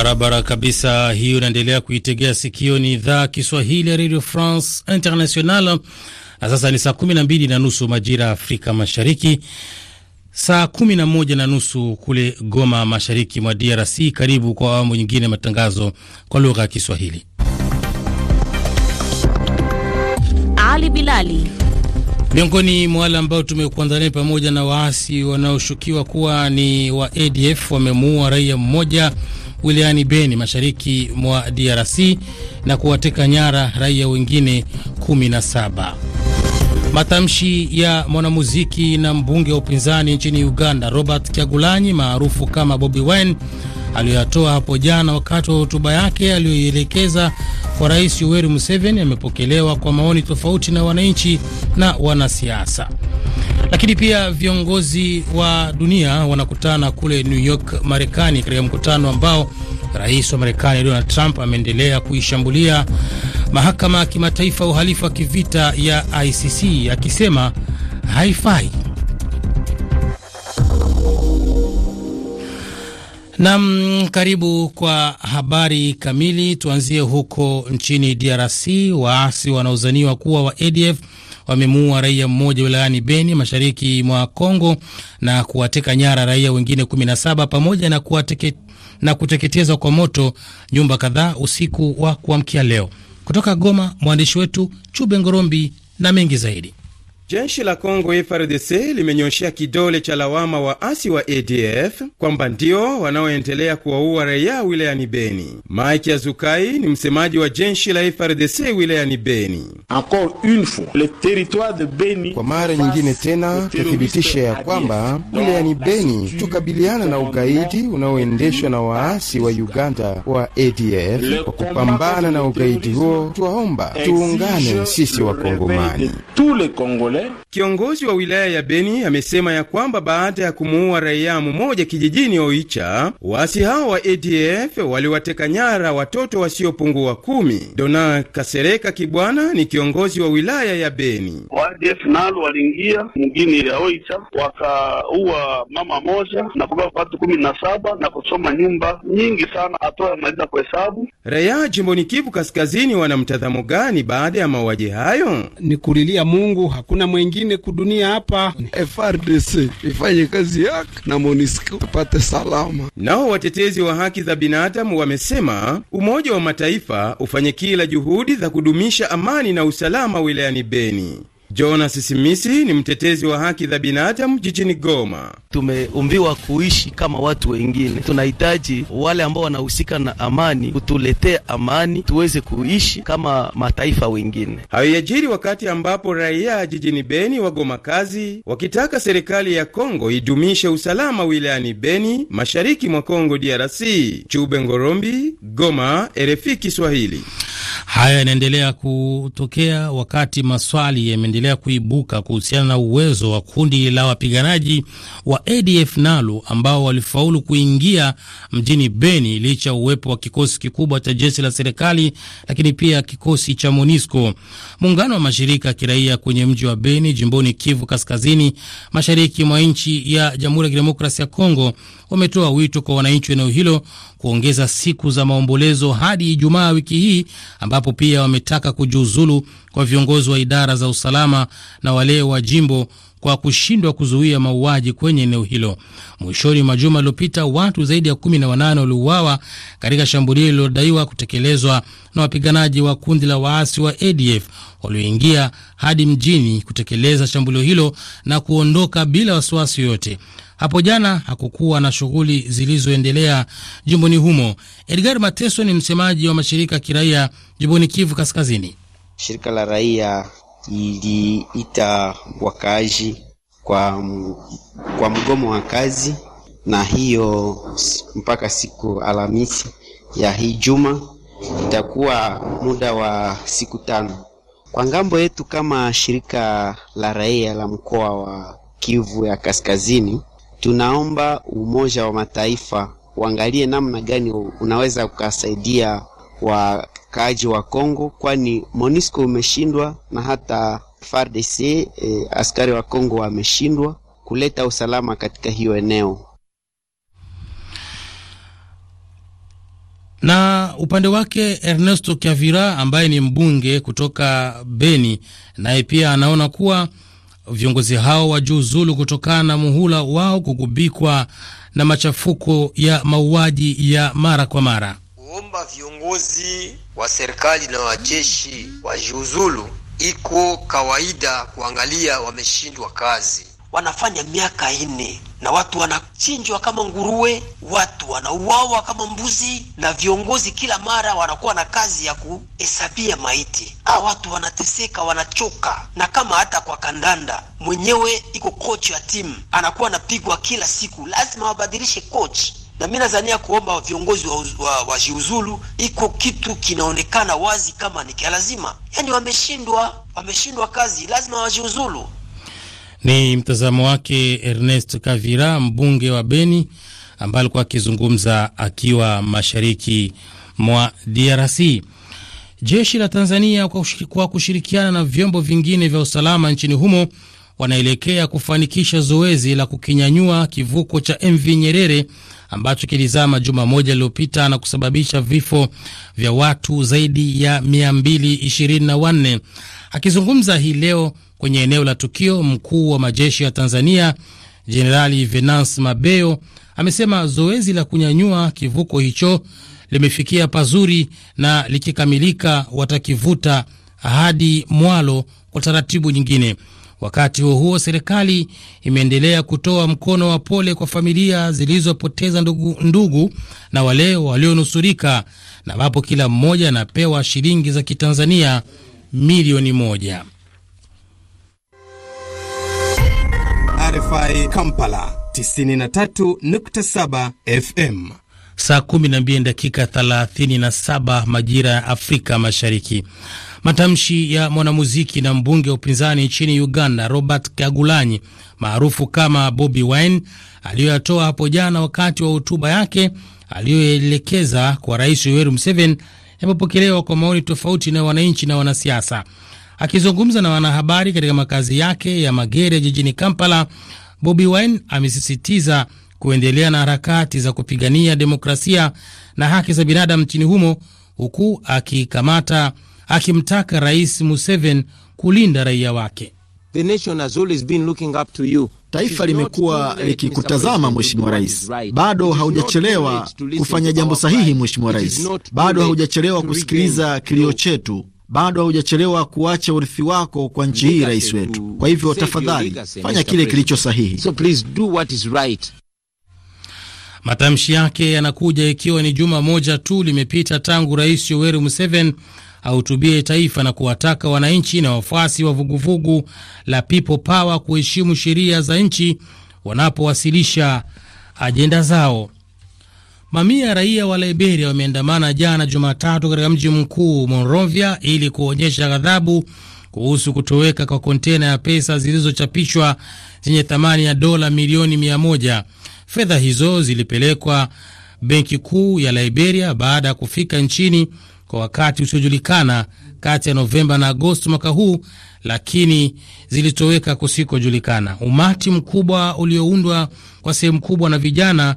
Barabara kabisa hiyo, Inaendelea kuitegea sikio. Ni idhaa Kiswahili ya Radio France International. Na sasa ni saa kumi na mbili na nusu majira ya Afrika Mashariki, saa kumi na moja na nusu kule Goma, mashariki mwa DRC. Karibu kwa awamu nyingine matangazo kwa lugha ya Kiswahili. Ali Bilali miongoni mwa wale ambao tumekuandalia pamoja na waasi wanaoshukiwa kuwa ni wa ADF wamemuua raia mmoja wilayani Beni mashariki mwa DRC na kuwateka nyara raia wengine 17. Matamshi ya mwanamuziki na mbunge wa upinzani nchini Uganda Robert Kyagulanyi maarufu kama Bobi Wine aliyoyatoa hapo jana wakati wa hotuba yake aliyoielekeza kwa Rais Yoweri Museveni amepokelewa kwa maoni tofauti na wananchi na wanasiasa. Lakini pia viongozi wa dunia wanakutana kule New York, Marekani, katika mkutano ambao rais wa Marekani Donald Trump ameendelea kuishambulia mahakama ya kimataifa ya uhalifu wa kivita ya ICC akisema haifai. Nam, karibu kwa habari kamili. Tuanzie huko nchini DRC. Waasi wanaozaniwa kuwa wa ADF wamemuua raia mmoja wilayani Beni, mashariki mwa Kongo, na kuwateka nyara raia wengine 17 pamoja na, kuwateke, na kuteketezwa kwa moto nyumba kadhaa usiku wa kuamkia leo. Kutoka Goma, mwandishi wetu Chube Ngorombi na mengi zaidi. Jeshi la Kongo FRDC limenyoshea kidole cha lawama waasi wa ADF kwamba ndio wanaoendelea kuwaua raia wilayani Beni. Mike Azukai ni msemaji wa jeshi la FRDC wilayani Beni. Kwa mara nyingine tena tuthibitisha ya kwamba wilayani Beni tukabiliana na ugaidi unaoendeshwa na waasi wa Uganda wa ADF. Kwa kupambana na ugaidi huo, twaomba tuungane sisi Wakongomani. Kiongozi wa wilaya ya Beni amesema ya kwamba baada ya kumuua raia mmoja kijijini Oicha, waasi hao wa ADF waliwateka nyara watoto wasiopungua wa kumi. Dona Kasereka Kibwana ni kiongozi wa wilaya ya Beni. Wa ADF nalo waliingia mgini ya Oicha wakaua mama moja na kubeba watu kumi na saba na kuchoma nyumba nyingi sana, hatoya kwa kuhesabu. Raia jimboni Kivu Kaskazini wana mtazamo gani baada ya mauaji hayo? Ni kulilia Mungu, hakuna na mwengine kudunia hapa. FRDC ifanye kazi yake na MONUSCO apate salama. Nao watetezi wa haki za binadamu wamesema Umoja wa Mataifa ufanye kila juhudi za kudumisha amani na usalama wilayani Beni. Jonas Simisi ni mtetezi wa haki za binadamu jijini Goma. Tumeumbiwa kuishi kama watu wengine, tunahitaji wale ambao wanahusika na amani kutuletea amani, tuweze kuishi kama mataifa wengine. Hayo yajiri wakati ambapo raia jijini Beni wa Goma kazi wakitaka serikali ya Kongo idumishe usalama wilayani Beni, mashariki mwa Kongo DRC. Chube Ngorombi, Goma, RFI Kiswahili. Haya yanaendelea kutokea wakati maswali yameendelea kuibuka kuhusiana na uwezo wa kundi la wapiganaji wa ADF NALU ambao walifaulu kuingia mjini Beni licha ya uwepo wa kikosi kikubwa cha jeshi la serikali, lakini pia kikosi cha MONUSCO. Muungano wa mashirika ya kiraia kwenye mji wa Beni jimboni Kivu Kaskazini, mashariki mwa nchi ya Jamhuri ya Kidemokrasia ya Kongo wametoa wito kwa wananchi wa eneo hilo kuongeza siku za maombolezo hadi Ijumaa wiki hii ambapo ambapo pia wametaka kujiuzulu kwa viongozi wa idara za usalama na wale wa jimbo kwa kushindwa kuzuia mauaji kwenye eneo hilo. Mwishoni mwa juma lililopita, watu zaidi ya kumi na wanane waliuawa katika shambulio lililodaiwa kutekelezwa na wapiganaji wa kundi la waasi wa ADF walioingia hadi mjini kutekeleza shambulio hilo na kuondoka bila wasiwasi yoyote. Hapo jana hakukuwa na shughuli zilizoendelea jimboni humo. Edgar Mateso ni msemaji wa mashirika ya kiraia jimboni Kivu Kaskazini. Shirika la raia iliita wakaaji kwa, kwa mgomo wa kazi, na hiyo mpaka siku Alhamisi ya hii juma itakuwa muda wa siku tano. Kwa ngambo yetu kama shirika la raia la mkoa wa Kivu ya Kaskazini tunaomba Umoja wa Mataifa uangalie namna gani unaweza ukasaidia wakaaji wa Kongo, kwani MONUSCO umeshindwa na hata FARDC eh, askari wa Kongo wameshindwa kuleta usalama katika hiyo eneo. Na upande wake Ernesto Kavira ambaye ni mbunge kutoka Beni, naye pia anaona kuwa viongozi hao wajiuzulu kutokana na muhula wao kugubikwa na machafuko ya mauaji ya mara kwa mara. Kuomba viongozi wa serikali na wajeshi wajiuzulu iko kawaida, kuangalia wameshindwa kazi wanafanya miaka nne na watu wanachinjwa kama nguruwe, watu wanauawa kama mbuzi, na viongozi kila mara wanakuwa na kazi ya kuhesabia maiti. aa watu wanateseka, wanachoka. Na kama hata kwa kandanda mwenyewe iko kochi ya timu anakuwa anapigwa kila siku, lazima wabadilishe och na mi nazania kuomba viongozi wajiuzulu wa, wa iko kitu kinaonekana wazi kama ni lazima, yani wameshindwa, wameshindwa kazi, lazima wajiuzulu. Ni mtazamo wake Ernest Kavira, mbunge wa Beni, ambaye alikuwa akizungumza akiwa mashariki mwa DRC. Jeshi la Tanzania kwa kushirikiana na vyombo vingine vya usalama nchini humo wanaelekea kufanikisha zoezi la kukinyanyua kivuko cha MV Nyerere ambacho kilizama juma moja lililopita na kusababisha vifo vya watu zaidi ya 224. Akizungumza hii leo Kwenye eneo la tukio, mkuu wa majeshi ya Tanzania Jenerali Venance Mabeo amesema zoezi la kunyanyua kivuko hicho limefikia pazuri na likikamilika watakivuta hadi mwalo kwa taratibu nyingine. Wakati huo huo, serikali imeendelea kutoa mkono wa pole kwa familia zilizopoteza ndugu, ndugu na wale walionusurika, na ambapo kila mmoja anapewa shilingi za Kitanzania milioni moja. RFI Kampala 93.7 FM. Saa 12 dakika 37 majira ya Afrika Mashariki. Matamshi ya mwanamuziki na mbunge wa upinzani nchini Uganda Robert Kagulanyi maarufu kama Bobi Wine aliyoyatoa hapo jana wakati wa hotuba yake aliyoelekeza kwa Rais Yoweri Museveni yamepokelewa kwa maoni tofauti na wananchi na wanasiasa. Akizungumza na wanahabari katika makazi yake ya Magere jijini Kampala, Bobi Wine amesisitiza kuendelea na harakati za kupigania demokrasia na haki za binadamu nchini humo huku akikamata akimtaka Rais Museveni kulinda raia wake. The nation has always been looking up to you. Taifa limekuwa likikutazama Mheshimiwa Rais. Bado haujachelewa kufanya jambo sahihi, Mheshimiwa Rais. Bado haujachelewa kusikiliza kilio chetu bado haujachelewa kuacha urithi wako kwa nchi hii, rais wetu. Kwa hivyo tafadhali fanya kile kilicho sahihi. So please do what is right. Matamshi yake yanakuja ikiwa ni juma moja tu limepita tangu Rais Yoweri Museveni ahutubie taifa na kuwataka wananchi na wafuasi wa vuguvugu la People Power kuheshimu sheria za nchi wanapowasilisha ajenda zao. Mamia ya raia wa Liberia wameandamana jana Jumatatu katika mji mkuu Monrovia ili kuonyesha ghadhabu kuhusu kutoweka kwa kontena ya pesa zilizochapishwa zenye thamani ya dola milioni mia moja. Fedha hizo zilipelekwa benki kuu ya Liberia baada ya kufika nchini kwa wakati usiojulikana kati ya Novemba na Agosti mwaka huu, lakini zilitoweka kusikojulikana. Umati mkubwa ulioundwa kwa sehemu kubwa na vijana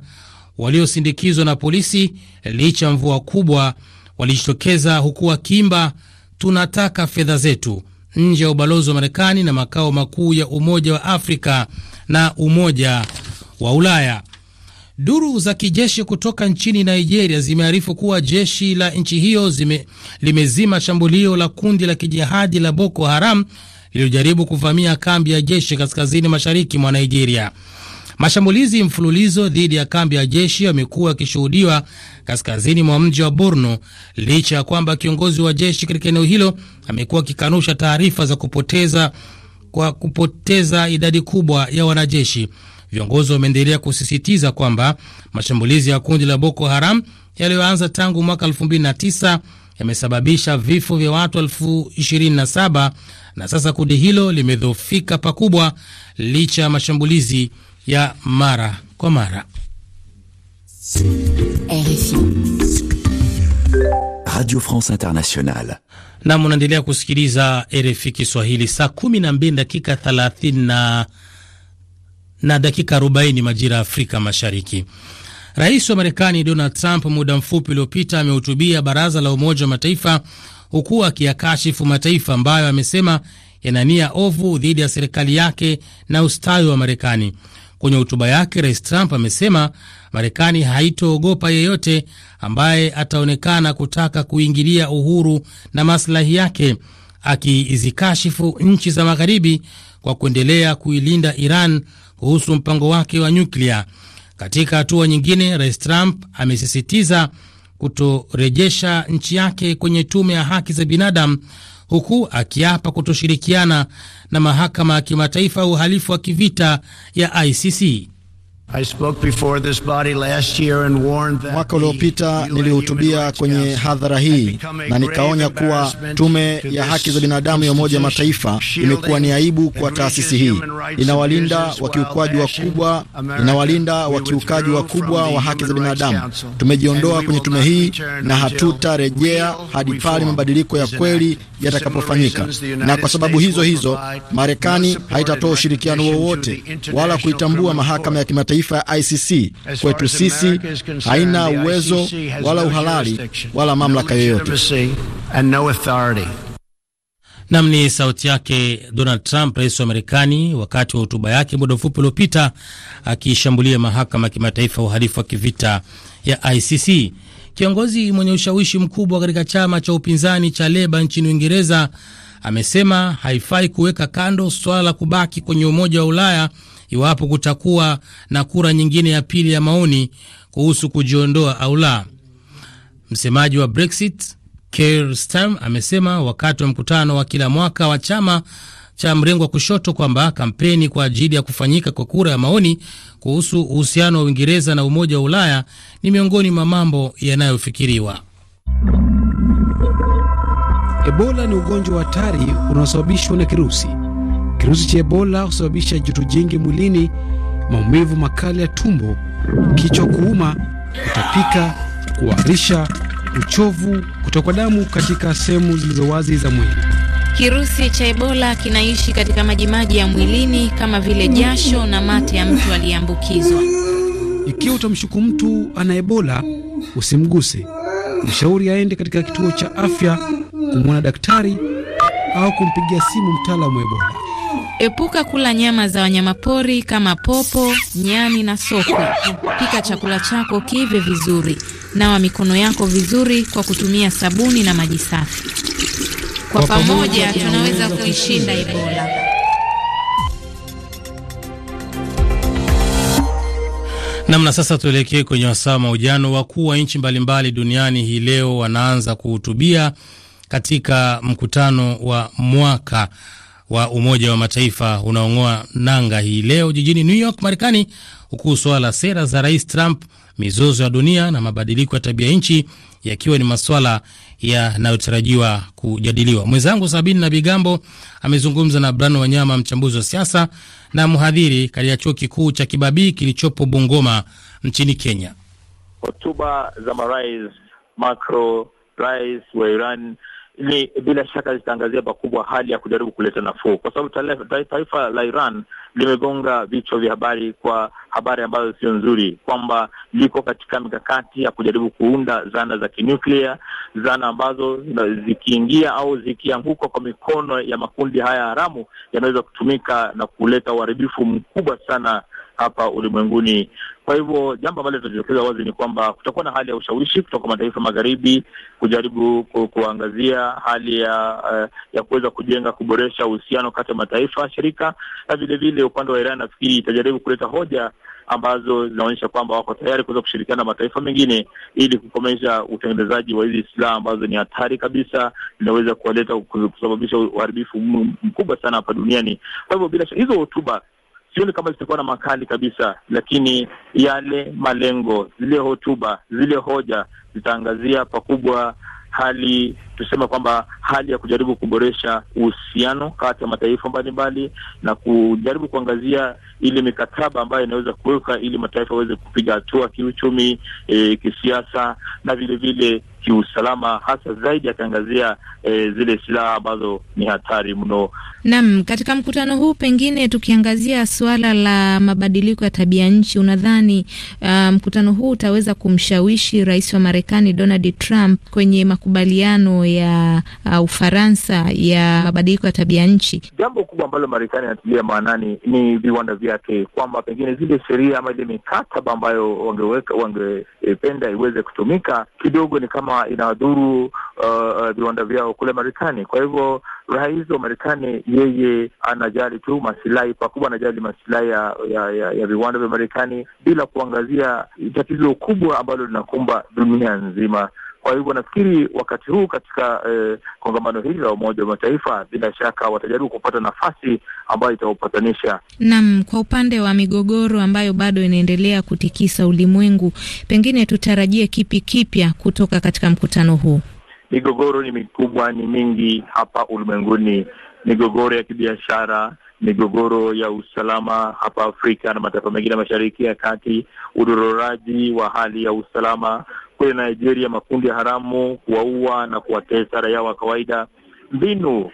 waliosindikizwa na polisi, licha mvua kubwa, walijitokeza huku wakiimba tunataka fedha zetu, nje ya ubalozi wa Marekani na makao makuu ya Umoja wa Afrika na Umoja wa Ulaya. Duru za kijeshi kutoka nchini Nigeria zimearifu kuwa jeshi la nchi hiyo zime, limezima shambulio la kundi la kijihadi la Boko Haram lililojaribu kuvamia kambi ya jeshi kaskazini mashariki mwa Nigeria. Mashambulizi mfululizo dhidi ya kambi ya jeshi yamekuwa yakishuhudiwa kaskazini mwa mji wa Borno licha ya kwamba kiongozi wa jeshi katika eneo hilo amekuwa akikanusha taarifa za kupoteza kwa kupoteza idadi kubwa ya wanajeshi. Viongozi wameendelea kusisitiza kwamba mashambulizi ya kundi la Boko Haram yaliyoanza tangu mwaka 2009 yamesababisha vifo vya watu elfu 27 na sasa kundi hilo limedhoofika pakubwa licha ya mashambulizi ya mara kwa mara. RFI Radio France Internationale. Na unaendelea kusikiliza RFI Kiswahili saa 12 dakika 30 na, na dakika 40 majira ya Afrika Mashariki. Rais wa Marekani Donald Trump muda mfupi uliopita amehutubia baraza la Umoja wa Mataifa huku akiyakashifu mataifa ambayo amesema yana nia ovu dhidi ya serikali yake na ustawi wa Marekani. Kwenye hotuba yake, Rais Trump amesema Marekani haitoogopa yeyote ambaye ataonekana kutaka kuingilia uhuru na maslahi yake, akizikashifu nchi za Magharibi kwa kuendelea kuilinda Iran kuhusu mpango wake wa nyuklia. Katika hatua nyingine, Rais Trump amesisitiza kutorejesha nchi yake kwenye tume ya haki za binadamu huku akiapa kutoshirikiana na mahakama ya kimataifa ya uhalifu wa kivita ya ICC. Mwaka uliopita e nilihutubia kwenye hadhara hii na nikaonya kuwa tume ya haki za binadamu ya Umoja Mataifa imekuwa ni aibu kwa taasisi hii, inawalinda wakiukaji wakubwa, inawalinda wakiukaji wakubwa wa haki za binadamu. Tumejiondoa kwenye tume hii na hatutarejea hadi pale mabadiliko ya kweli yatakapofanyika. Na kwa sababu hizo hizo, Marekani haitatoa ushirikiano wowote wala kuitambua mahakama ya kimataifa Mataifa ya ICC kwetu sisi haina uwezo wala uhalali wala mamlaka yoyote. Nam ni sauti yake Donald Trump, rais wa Marekani, wakati wa hotuba yake muda mfupi uliopita akiishambulia mahakama ya kimataifa uhalifu wa kivita ya ICC. Kiongozi mwenye ushawishi mkubwa katika chama cha upinzani cha Leba nchini Uingereza amesema haifai kuweka kando suala la kubaki kwenye Umoja wa Ulaya iwapo kutakuwa na kura nyingine ya pili ya maoni kuhusu kujiondoa au la. Msemaji wa Brexit Keir Starmer amesema wakati wa mkutano wa kila mwaka wa chama cha mrengo wa kushoto kwamba kampeni kwa ajili ya kufanyika kwa kura ya maoni kuhusu uhusiano wa Uingereza na Umoja wa Ulaya ni miongoni mwa mambo yanayofikiriwa. Ebola ni ugonjwa wa hatari unaosababishwa na kirusi Kirusi cha Ebola husababisha joto jingi mwilini, maumivu makali ya tumbo, kichwa kuuma, kutapika, kuharisha, uchovu, kutokwa damu katika sehemu zilizo wazi za mwili. Kirusi cha Ebola kinaishi katika majimaji ya mwilini kama vile jasho na mate ya mtu aliyeambukizwa. Ikiwa utamshuku mtu ana Ebola, usimguse. Mshauri aende katika kituo cha afya kumwona daktari au kumpigia simu mtaalamu wa Ebola. Epuka kula nyama za wanyamapori kama popo, nyani na sokwe. Pika chakula chako kive vizuri. Nawa mikono yako vizuri kwa kutumia sabuni na maji safi. Kwa pamoja tunaweza kuishinda Ebola. Namna sasa, tuelekee kwenye wasaa maujano. Wakuu wa nchi mbalimbali duniani hii leo wanaanza kuhutubia katika mkutano wa mwaka wa Umoja wa Mataifa unaong'oa nanga hii leo jijini New York, Marekani, huku suala la sera za Rais Trump, mizozo ya dunia na mabadiliko ya tabia nchi yakiwa ni maswala yanayotarajiwa kujadiliwa. Mwenzangu Sabini na Bigambo amezungumza na Brano Wanyama, mchambuzi wa siasa na mhadhiri katika chuo kikuu cha Kibabii kilichopo Bungoma nchini Kenya. Hotuba za marais Macron, rais wa Iran ni bila shaka zitaangazia pakubwa hali ya kujaribu kuleta nafuu, kwa sababu taifa la Iran limegonga vichwa vya habari kwa habari ambazo sio nzuri, kwamba liko katika mikakati ya kujaribu kuunda zana za kinuklia, zana ambazo zikiingia au zikianguka kwa mikono ya makundi haya haramu yanaweza kutumika na kuleta uharibifu mkubwa sana hapa ulimwenguni. Kwa hivyo jambo ambalo litajitokeza wazi ni kwamba kutakuwa na hali ya ushawishi kutoka mataifa magharibi kujaribu ku, kuangazia hali ya uh, ya kuweza kujenga kuboresha uhusiano kati ya mataifa shirika, na vilevile upande wa Iran nafikiri itajaribu kuleta hoja ambazo zinaonyesha kwamba wako tayari kuweza kushirikiana na mataifa mengine ili kukomesha utengenezaji wa hizi silaha ambazo ni hatari kabisa, zinaweza kuwaleta kusababisha uharibifu mkubwa sana hapa duniani. Kwa hivyo bila shaka hizo hotuba sioni kama zitakuwa na makali kabisa, lakini yale malengo, zile hotuba, zile hoja zitaangazia pakubwa hali tuseme kwamba hali ya kujaribu kuboresha uhusiano kati ya mataifa mbalimbali na kujaribu kuangazia ile mikataba ambayo inaweza kuweka ili mataifa aweze kupiga hatua kiuchumi, e, kisiasa na vilevile kiusalama, hasa zaidi akiangazia e, zile silaha ambazo ni hatari mno. Naam, katika mkutano huu pengine tukiangazia suala la mabadiliko ya tabia nchi, unadhani uh, mkutano huu utaweza kumshawishi rais wa Marekani Donald Trump kwenye makubaliano ya uh, Ufaransa ya mabadiliko ya tabia nchi? Jambo kubwa ambalo Marekani anatilia maanani ni viwanda vyake, kwamba pengine zile sheria ama ile mikataba ambayo wangependa wange, iweze kutumika kidogo ni kama kama inawadhuru uh, uh, viwanda vyao kule Marekani. Kwa hivyo rais wa Marekani yeye anajali tu masilahi pakubwa, anajali masilahi ya, ya, ya, ya viwanda vya Marekani bila kuangazia tatizo kubwa ambalo linakumba dunia nzima. Kwa hivyo nafikiri wakati huu katika eh, kongamano hili la Umoja wa Mataifa, bila shaka watajaribu kupata nafasi ambayo itawapatanisha. Naam, kwa upande wa migogoro ambayo bado inaendelea kutikisa ulimwengu, pengine tutarajie kipi kipya kutoka katika mkutano huu? Migogoro ni mikubwa, ni mingi hapa ulimwenguni, migogoro ya kibiashara migogoro ya usalama hapa Afrika na mataifa mengine mashariki ya kati, udororaji wa hali ya usalama, kule Nigeria, makundi ya haramu kuwaua na kuwatesa raia wa kawaida. Mbinu,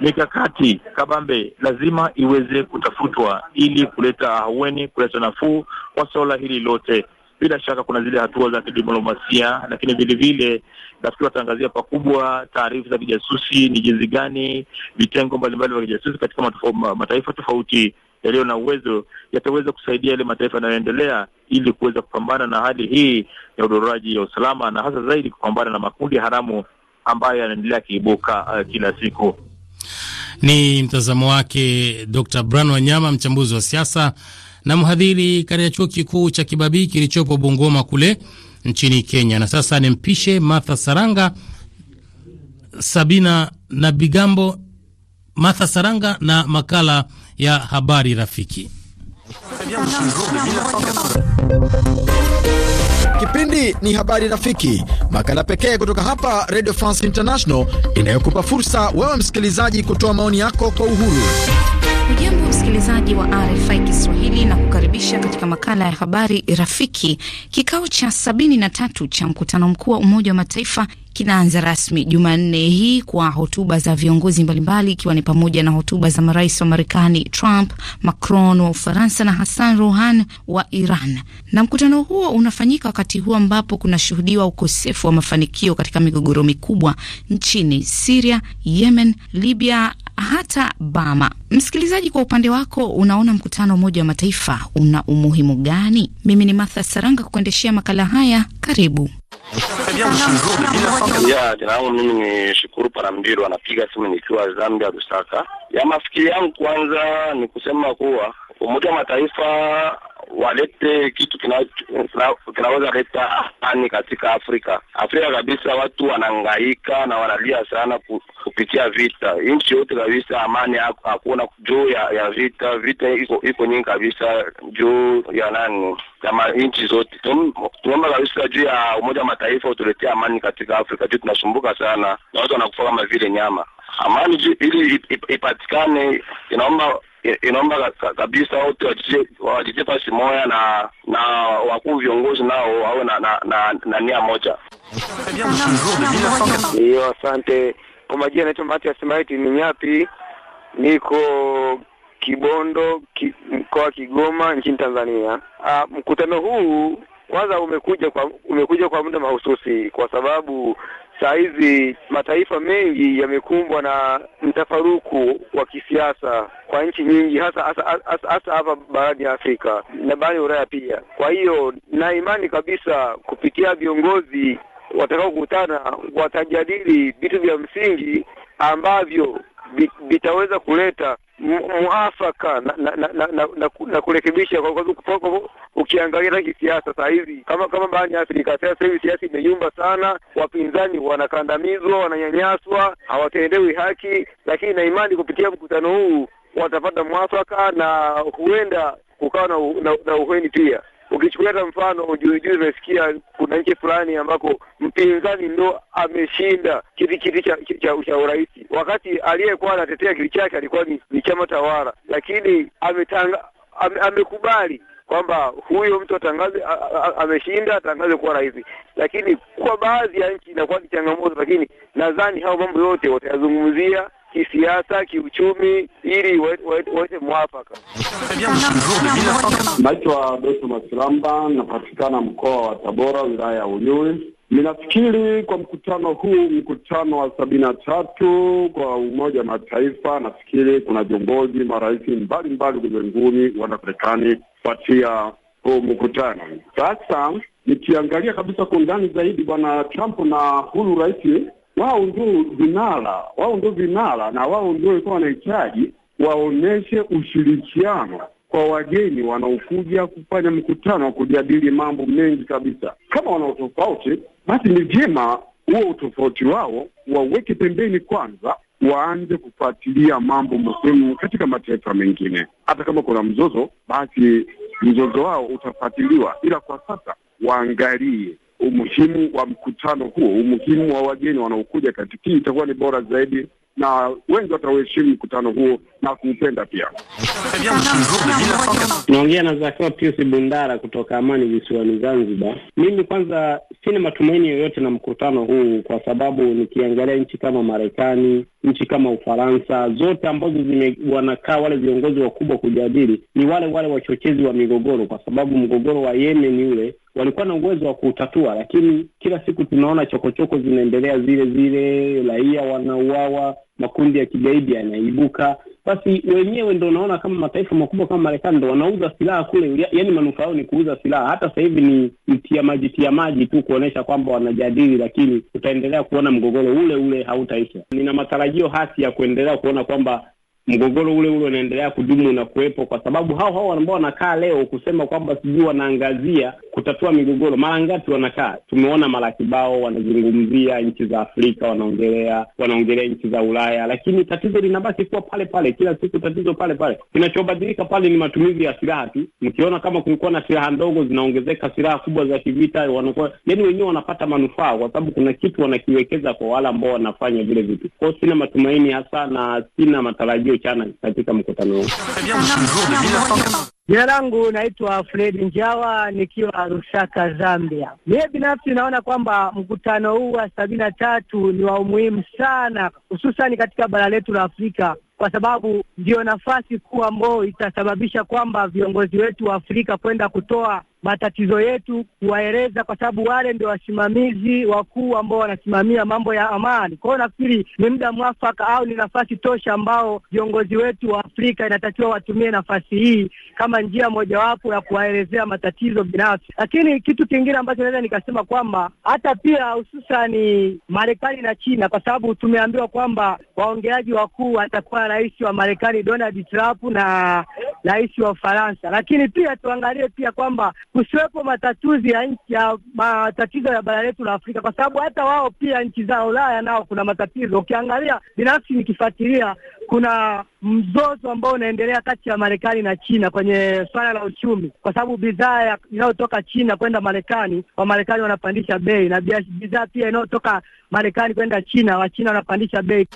mikakati kabambe lazima iweze kutafutwa ili kuleta ahueni, kuleta nafuu kwa suala hili lote. Bila shaka kuna zile hatua za kidiplomasia, lakini vilevile nafikiri wataangazia pakubwa taarifa za kijasusi, ni jinsi gani vitengo mbalimbali vya kijasusi katika mataifa tofauti yaliyo na uwezo yataweza kusaidia yale mataifa yanayoendelea ili kuweza kupambana na hali hii ya udororaji ya usalama na hasa zaidi kupambana na makundi haramu ambayo yanaendelea kiibuka uh, kila siku. Ni mtazamo wake Dr. Brian Wanyama, mchambuzi wa siasa na mhadhiri katika chuo kikuu cha Kibabii kilichopo Bungoma kule nchini Kenya. Na sasa nimpishe Martha Saranga, Sabina na Bigambo Martha Saranga na makala ya habari rafiki. Kipindi ni habari rafiki, makala pekee kutoka hapa Radio France International inayokupa fursa wewe msikilizaji kutoa maoni yako kwa uhuru. Ujambo msikilizaji wa RFI Kiswahili na kukaribisha katika makala ya habari rafiki. Kikao cha 73 cha mkutano mkuu wa Umoja wa Mataifa kinaanza rasmi Jumanne hii kwa hotuba za viongozi mbalimbali, ikiwa ni pamoja na hotuba za marais wa Marekani Trump, Macron wa Ufaransa na Hassan rohan wa Iran. Na mkutano huo unafanyika wakati huu ambapo kunashuhudiwa ukosefu wa mafanikio katika migogoro mikubwa nchini Siria, Yemen, Libya hata Bama. Msikilizaji, kwa upande wako unaona mkutano mmoja wa mataifa una umuhimu gani? Mimi ni Martha Saranga kukuendeshea makala haya. Karibu. Pia mshukuru ya mimi ni shukuru parambiru anapiga simu nikiwa Zambia Lusaka. Ya mafikiri yangu kwanza ni kusema kuwa Umoja wa Mataifa walete kitu kinaweza leta amani katika Afrika. Afrika kabisa, watu wanangaika na wanalia sana kupitia vita. Nchi yote kabisa amani hakuna juu ya, ya vita. Vita iko, iko nyingi kabisa juu ya nani, ama nchi zote tunaomba kabisa juu ya Umoja wa Mataifa utuletea amani katika Afrika juu tunasumbuka sana na watu wanakufa kama vile nyama. Amani ili ipatikane, inaomba inaomba kabisa wote wajite pasi moya na na wakuu viongozi nao wawe na, na, na, na nia moja hiyo. Asante kwa majina, anaitwa Mati Maiti ni Nyapi, niko Kibondo ki, mkoa Kigoma nchini Tanzania. Aa, ah, mkutano huu kwanza umekuja kwa umekuja kwa muda mahususi kwa sababu saa hizi mataifa mengi yamekumbwa na mtafaruku wa kisiasa kwa nchi nyingi, hasa hasa hapa barani ya Afrika na barani Ulaya pia. Kwa hiyo na imani kabisa kupitia viongozi watakaokutana watajadili vitu vya msingi ambavyo vitaweza kuleta muafaka na na, na, na, na, na, na kurekebisha ukiangalia na kisiasa sasa kama kama barani Afrika sasa hivi siasa imeyumba sana, wapinzani wanakandamizwa, wananyanyaswa, hawatendewi haki, lakini na imani kupitia mkutano huu watapata mwafaka na huenda kukawa na, na, na pia. Ukichukulia mfano, juzijuzi imesikia kuna nchi fulani ambako mpinzani ndo ameshinda kiti kiti cha, cha, cha urais, wakati aliyekuwa anatetea kiti chake alikuwa ni, ni chama tawala, lakini ametanga ame, amekubali kwamba huyo mtu atangaze ameshinda atangaze kuwa rais. Lakini kwa baadhi ya nchi inakuwa ni changamoto, lakini nadhani hao mambo yote watayazungumzia kisiasa, kiuchumi, ili waweze mwafaka. Naitwa Doto Masilamba, napatikana mkoa wa Tabora, wilaya ya unyui Ninafikiri kwa mkutano huu, mkutano wa sabini na tatu kwa Umoja wa Mataifa, nafikiri kuna viongozi marais mbalimbali ulimwenguni wanapatikani kupatia huu mkutano. Sasa nikiangalia kabisa kwa undani zaidi, bwana Trump na huyu rais wao ndio vinara, wao ndio vinara na wao ndio walikuwa wanahitaji waoneshe ushirikiano kwa wageni wanaokuja kufanya mkutano wa kujadili mambo mengi kabisa. Kama wana utofauti, basi ni vyema huo utofauti wao waweke pembeni kwanza, waanze kufuatilia mambo muhimu katika mataifa mengine. Hata kama kuna mzozo, basi mzozo wao utafuatiliwa, ila kwa sasa waangalie umuhimu wa mkutano huo, umuhimu wa wageni wanaokuja katika hii itakuwa ni bora zaidi na wengi watauheshimu mkutano huo na kuupenda pia. Naongea na Zakaria Pius Bundara kutoka Amani visiwani Zanzibar. Mimi kwanza sina matumaini yoyote na mkutano huu, kwa sababu nikiangalia nchi kama Marekani, nchi kama Ufaransa, zote ambazo zime wanakaa wale viongozi wakubwa kujadili ni wale wale wachochezi wa migogoro, kwa sababu mgogoro wa Yemen yule walikuwa na uwezo wa kutatua lakini kila siku tunaona chokochoko zinaendelea zile zile, raia wanauawa makundi ya kigaidi yanaibuka, basi wenyewe ndo unaona kama mataifa makubwa kama Marekani ndo wanauza silaha kule, yaani manufaa yao ni kuuza silaha. Hata sasa hivi ni mtia maji tia maji tu kuonyesha kwamba wanajadili, lakini utaendelea kuona mgogoro ule ule hautaisha. Nina matarajio hasi ya kuendelea kuona kwamba mgogoro ule ule unaendelea kudumu na kuwepo, kwa sababu hao hao ambao wanakaa leo kusema kwamba sijui wanaangazia kutatua migogoro, mara ngapi wanakaa? Tumeona mara kibao wanazungumzia nchi za Afrika, wanaongelea wanaongelea nchi za Ulaya, lakini tatizo linabaki kuwa pale pale, kila siku tatizo pale pale. Kinachobadilika pale ni matumizi ya silaha tu. Mkiona kama kulikuwa na silaha ndogo zinaongezeka, silaha kubwa za kivita, wanakuwa yani wenyewe wanapata manufaa, kwa sababu kuna kitu wanakiwekeza kwa wale ambao wanafanya vile vitu kwao. Sina matumaini hasa na sina matarajio hiyo chama katika mkutano huu. Jina langu naitwa Fred Njawa nikiwa Lusaka, Zambia. Mie binafsi naona kwamba mkutano huu wa sabini na tatu ni wa umuhimu sana, hususani katika bara letu la Afrika kwa sababu ndiyo nafasi kuu ambayo itasababisha kwamba viongozi wetu wa Afrika kwenda kutoa matatizo yetu, kuwaeleza, kwa sababu wale ndio wasimamizi wakuu ambao wanasimamia mambo ya amani. Kwa hiyo nafikiri ni muda mwafaka au ni nafasi tosha ambao viongozi wetu wa Afrika inatakiwa watumie nafasi hii kama njia mojawapo ya kuwaelezea matatizo binafsi. Lakini kitu kingine ambacho naweza nikasema kwamba hata pia hususani Marekani na China, kwa sababu tumeambiwa kwamba waongeaji wakuu atakuwa rais wa Marekani Donald Trump na rais wa Ufaransa, lakini pia tuangalie pia kwamba kusiwepo matatuzi ya nchi ya matatizo ya bara letu la Afrika, kwa sababu hata wao pia nchi za Ulaya nao kuna matatizo. Ukiangalia binafsi, nikifuatilia kuna mzozo ambao unaendelea kati ya Marekani na China kwenye swala la uchumi, kwa sababu bidhaa inayotoka China kwenda Marekani, Wamarekani wanapandisha bei, na bidhaa pia inayotoka Marekani kwenda China, Wachina wanapandisha bei.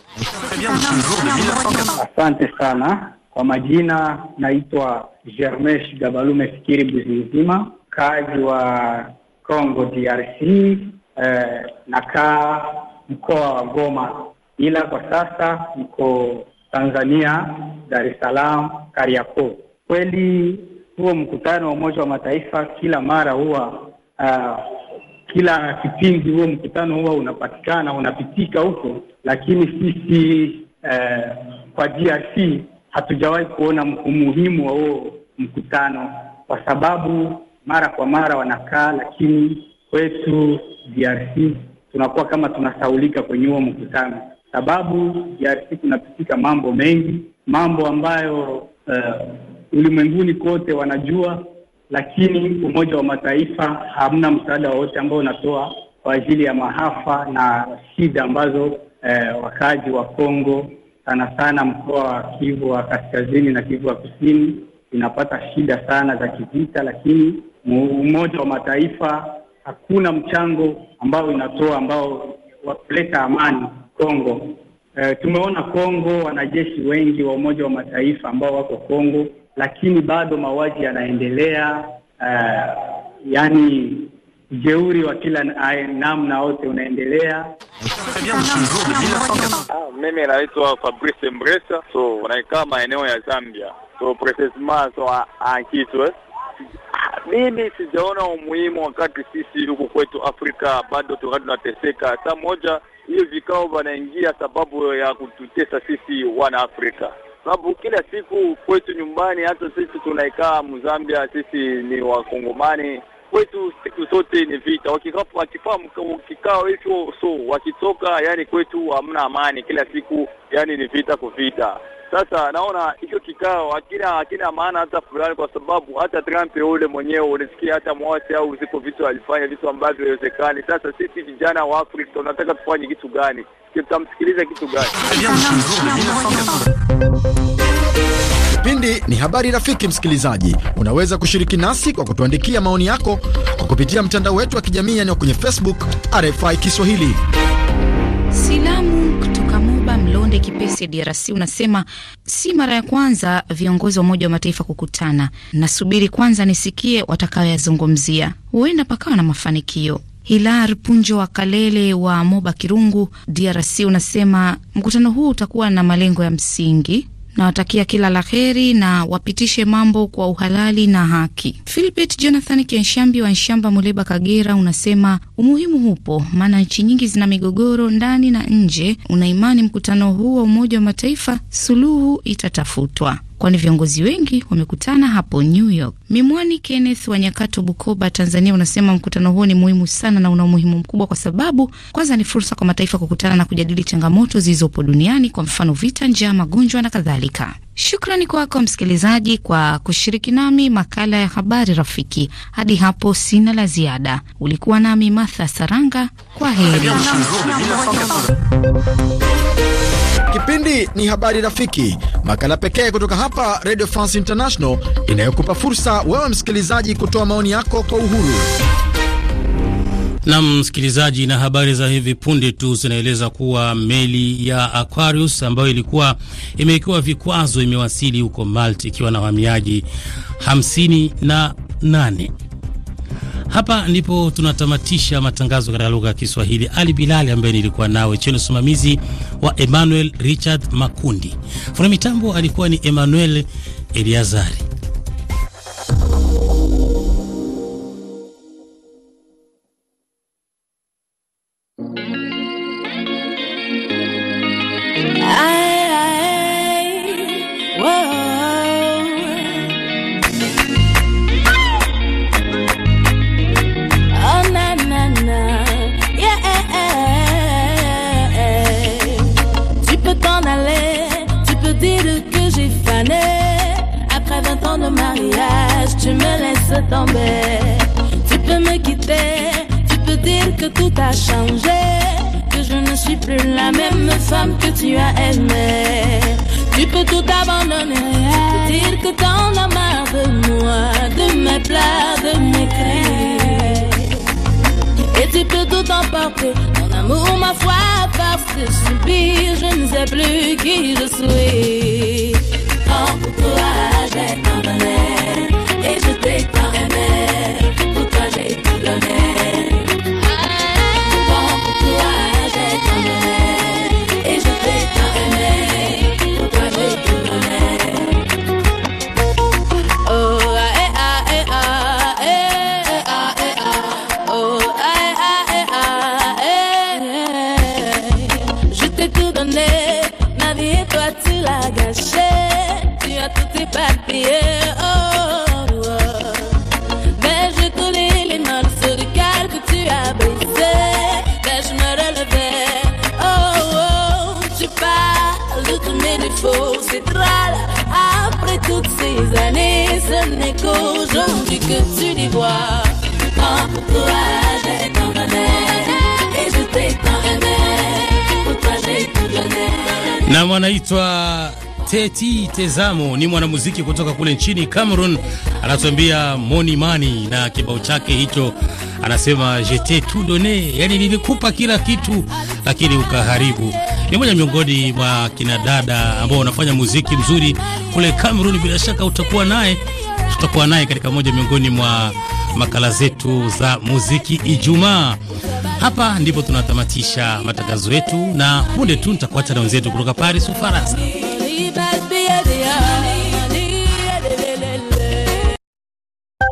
Asante sana. Kwa majina naitwa Germesh Gabalume Fikiri nzima kazi wa Congo DRC. Eh, nakaa mkoa wa Goma, ila kwa sasa niko Tanzania, Dar es Salaam, Kariakoo. Kweli huo mkutano wa Umoja wa Mataifa kila mara huwa uh, kila kipindi huo mkutano huwa unapatikana unapitika huko, lakini sisi uh, kwa DRC hatujawahi kuona umuhimu wa huo mkutano, kwa sababu mara kwa mara wanakaa, lakini kwetu DRC tunakuwa kama tunasaulika kwenye huo mkutano, sababu DRC kunapitika mambo mengi, mambo ambayo uh, ulimwenguni kote wanajua, lakini Umoja wa Mataifa hamna msaada wowote ambao unatoa kwa ajili ya mahafa na shida ambazo uh, eh, wakazi wa Kongo sana sana mkoa wa Kivu wa kaskazini na Kivu wa kusini inapata shida sana za kivita, lakini Umoja wa Mataifa hakuna mchango ambao inatoa ambao wakuleta amani Kongo. E, tumeona Kongo wanajeshi wengi wa Umoja wa Mataifa ambao wako Kongo, lakini bado mauaji yanaendelea. E, yani Ujeuri wa kila namna wote unaendelea. Ah, mimi naitwa Fabrice Mbresa, so naikaa maeneo ya Zambia, so precisement so Ankitwe. Mimi sijaona umuhimu wakati sisi huku kwetu Afrika bado tungali tunateseka. Hata moja hiyo vikao vanaingia sababu ya kututesa sisi wana Afrika sababu kila siku kwetu nyumbani, hata sisi tunaikaa Mzambia, sisi ni Wakongomani kwetu siku zote ni vita. Wakifahamu kikao hicho, so wakitoka, yani kwetu hamna amani, kila siku yani ni vita kuvita. Sasa naona hicho kikao hakina hakina maana hata fulani, kwa sababu hata Trump yule mwenyewe unasikia hata mwasi au ziko vitu alifanya vitu ambavyo haiwezekani. Sasa sisi vijana wa Afrika tunataka tufanye kitu gani? Tutamsikiliza kitu gani? Kipindi ni habari rafiki. Msikilizaji, unaweza kushiriki nasi kwa kutuandikia maoni yako kwa kupitia mtandao wetu wa kijamii yani kwenye Facebook RFI Kiswahili. Silamu kutoka Moba Mlonde Kipesi ya DRC unasema si mara ya kwanza viongozi wa Umoja wa Mataifa kukutana, nasubiri kwanza nisikie watakayoyazungumzia, huenda pakawa na mafanikio. Hilar Punjo wa Kalele wa Moba Kirungu, DRC unasema mkutano huu utakuwa na malengo ya msingi nawatakia kila la heri na wapitishe mambo kwa uhalali na haki. Philbert Jonathan Kenshambi wa Nshamba, Muleba, Kagera, unasema umuhimu hupo, maana nchi nyingi zina migogoro ndani na nje. Unaimani mkutano huu wa Umoja wa Mataifa suluhu itatafutwa kwani viongozi wengi wamekutana hapo New York. Mimwani Kenneth wa Nyakato, Bukoba, Tanzania, unasema mkutano huo ni muhimu sana na una umuhimu mkubwa kwa sababu kwanza ni fursa kwa mataifa kukutana na kujadili changamoto zilizopo duniani, kwa mfano vita, njaa, magonjwa na kadhalika. Shukrani kwako msikilizaji kwa kushiriki nami makala ya habari rafiki. Hadi hapo sina la ziada. Ulikuwa nami Martha Saranga, kwa heri. Kipindi ni habari rafiki, makala pekee kutoka hapa Radio France International inayokupa fursa wewe msikilizaji kutoa maoni yako kwa uhuru. Nam msikilizaji, na habari za hivi punde tu zinaeleza kuwa meli ya Aquarius ambayo ilikuwa imewekewa vikwazo imewasili huko Malta ikiwa na wahamiaji 58. Hapa ndipo tunatamatisha matangazo katika lugha ya Kiswahili. Ali Bilali ambaye nilikuwa nawe chini usimamizi wa Emmanuel Richard Makundi, funa mitambo alikuwa ni Emmanuel Eliazari. Tu peux me quitter, tu peux dire que tout a changé, que je ne suis plus la même femme que tu as aimée. Tu peux tout abandonner, dire que t'en as marre de moi, de mes plats, de mes cris. Et tu peux tout emporter, mon amour, ma foi, parce que je subir, je ne sais plus qui je suis. Oh, pour toi, j'ai abandonné. que tu n'y vois. toi, j'ai tant et je t'ai tant aimé. Pour toi, j'ai tout donné. Na mwanaitwa Teti Tezamo ni mwanamuziki kutoka kule nchini Cameroon, anatuambia Moni Mani na kibao chake hicho, anasema jete tu done, yani nilikupa kila kitu lakini ukaharibu. Ni moja miongoni mwa kina dada ambao wanafanya muziki mzuri kule Cameroon, bila shaka utakuwa naye tutakuwa naye katika moja miongoni mwa makala zetu za muziki Ijumaa. Hapa ndipo tunatamatisha matangazo yetu, na punde tu nitakuacha na wenzetu kutoka Paris, Ufaransa.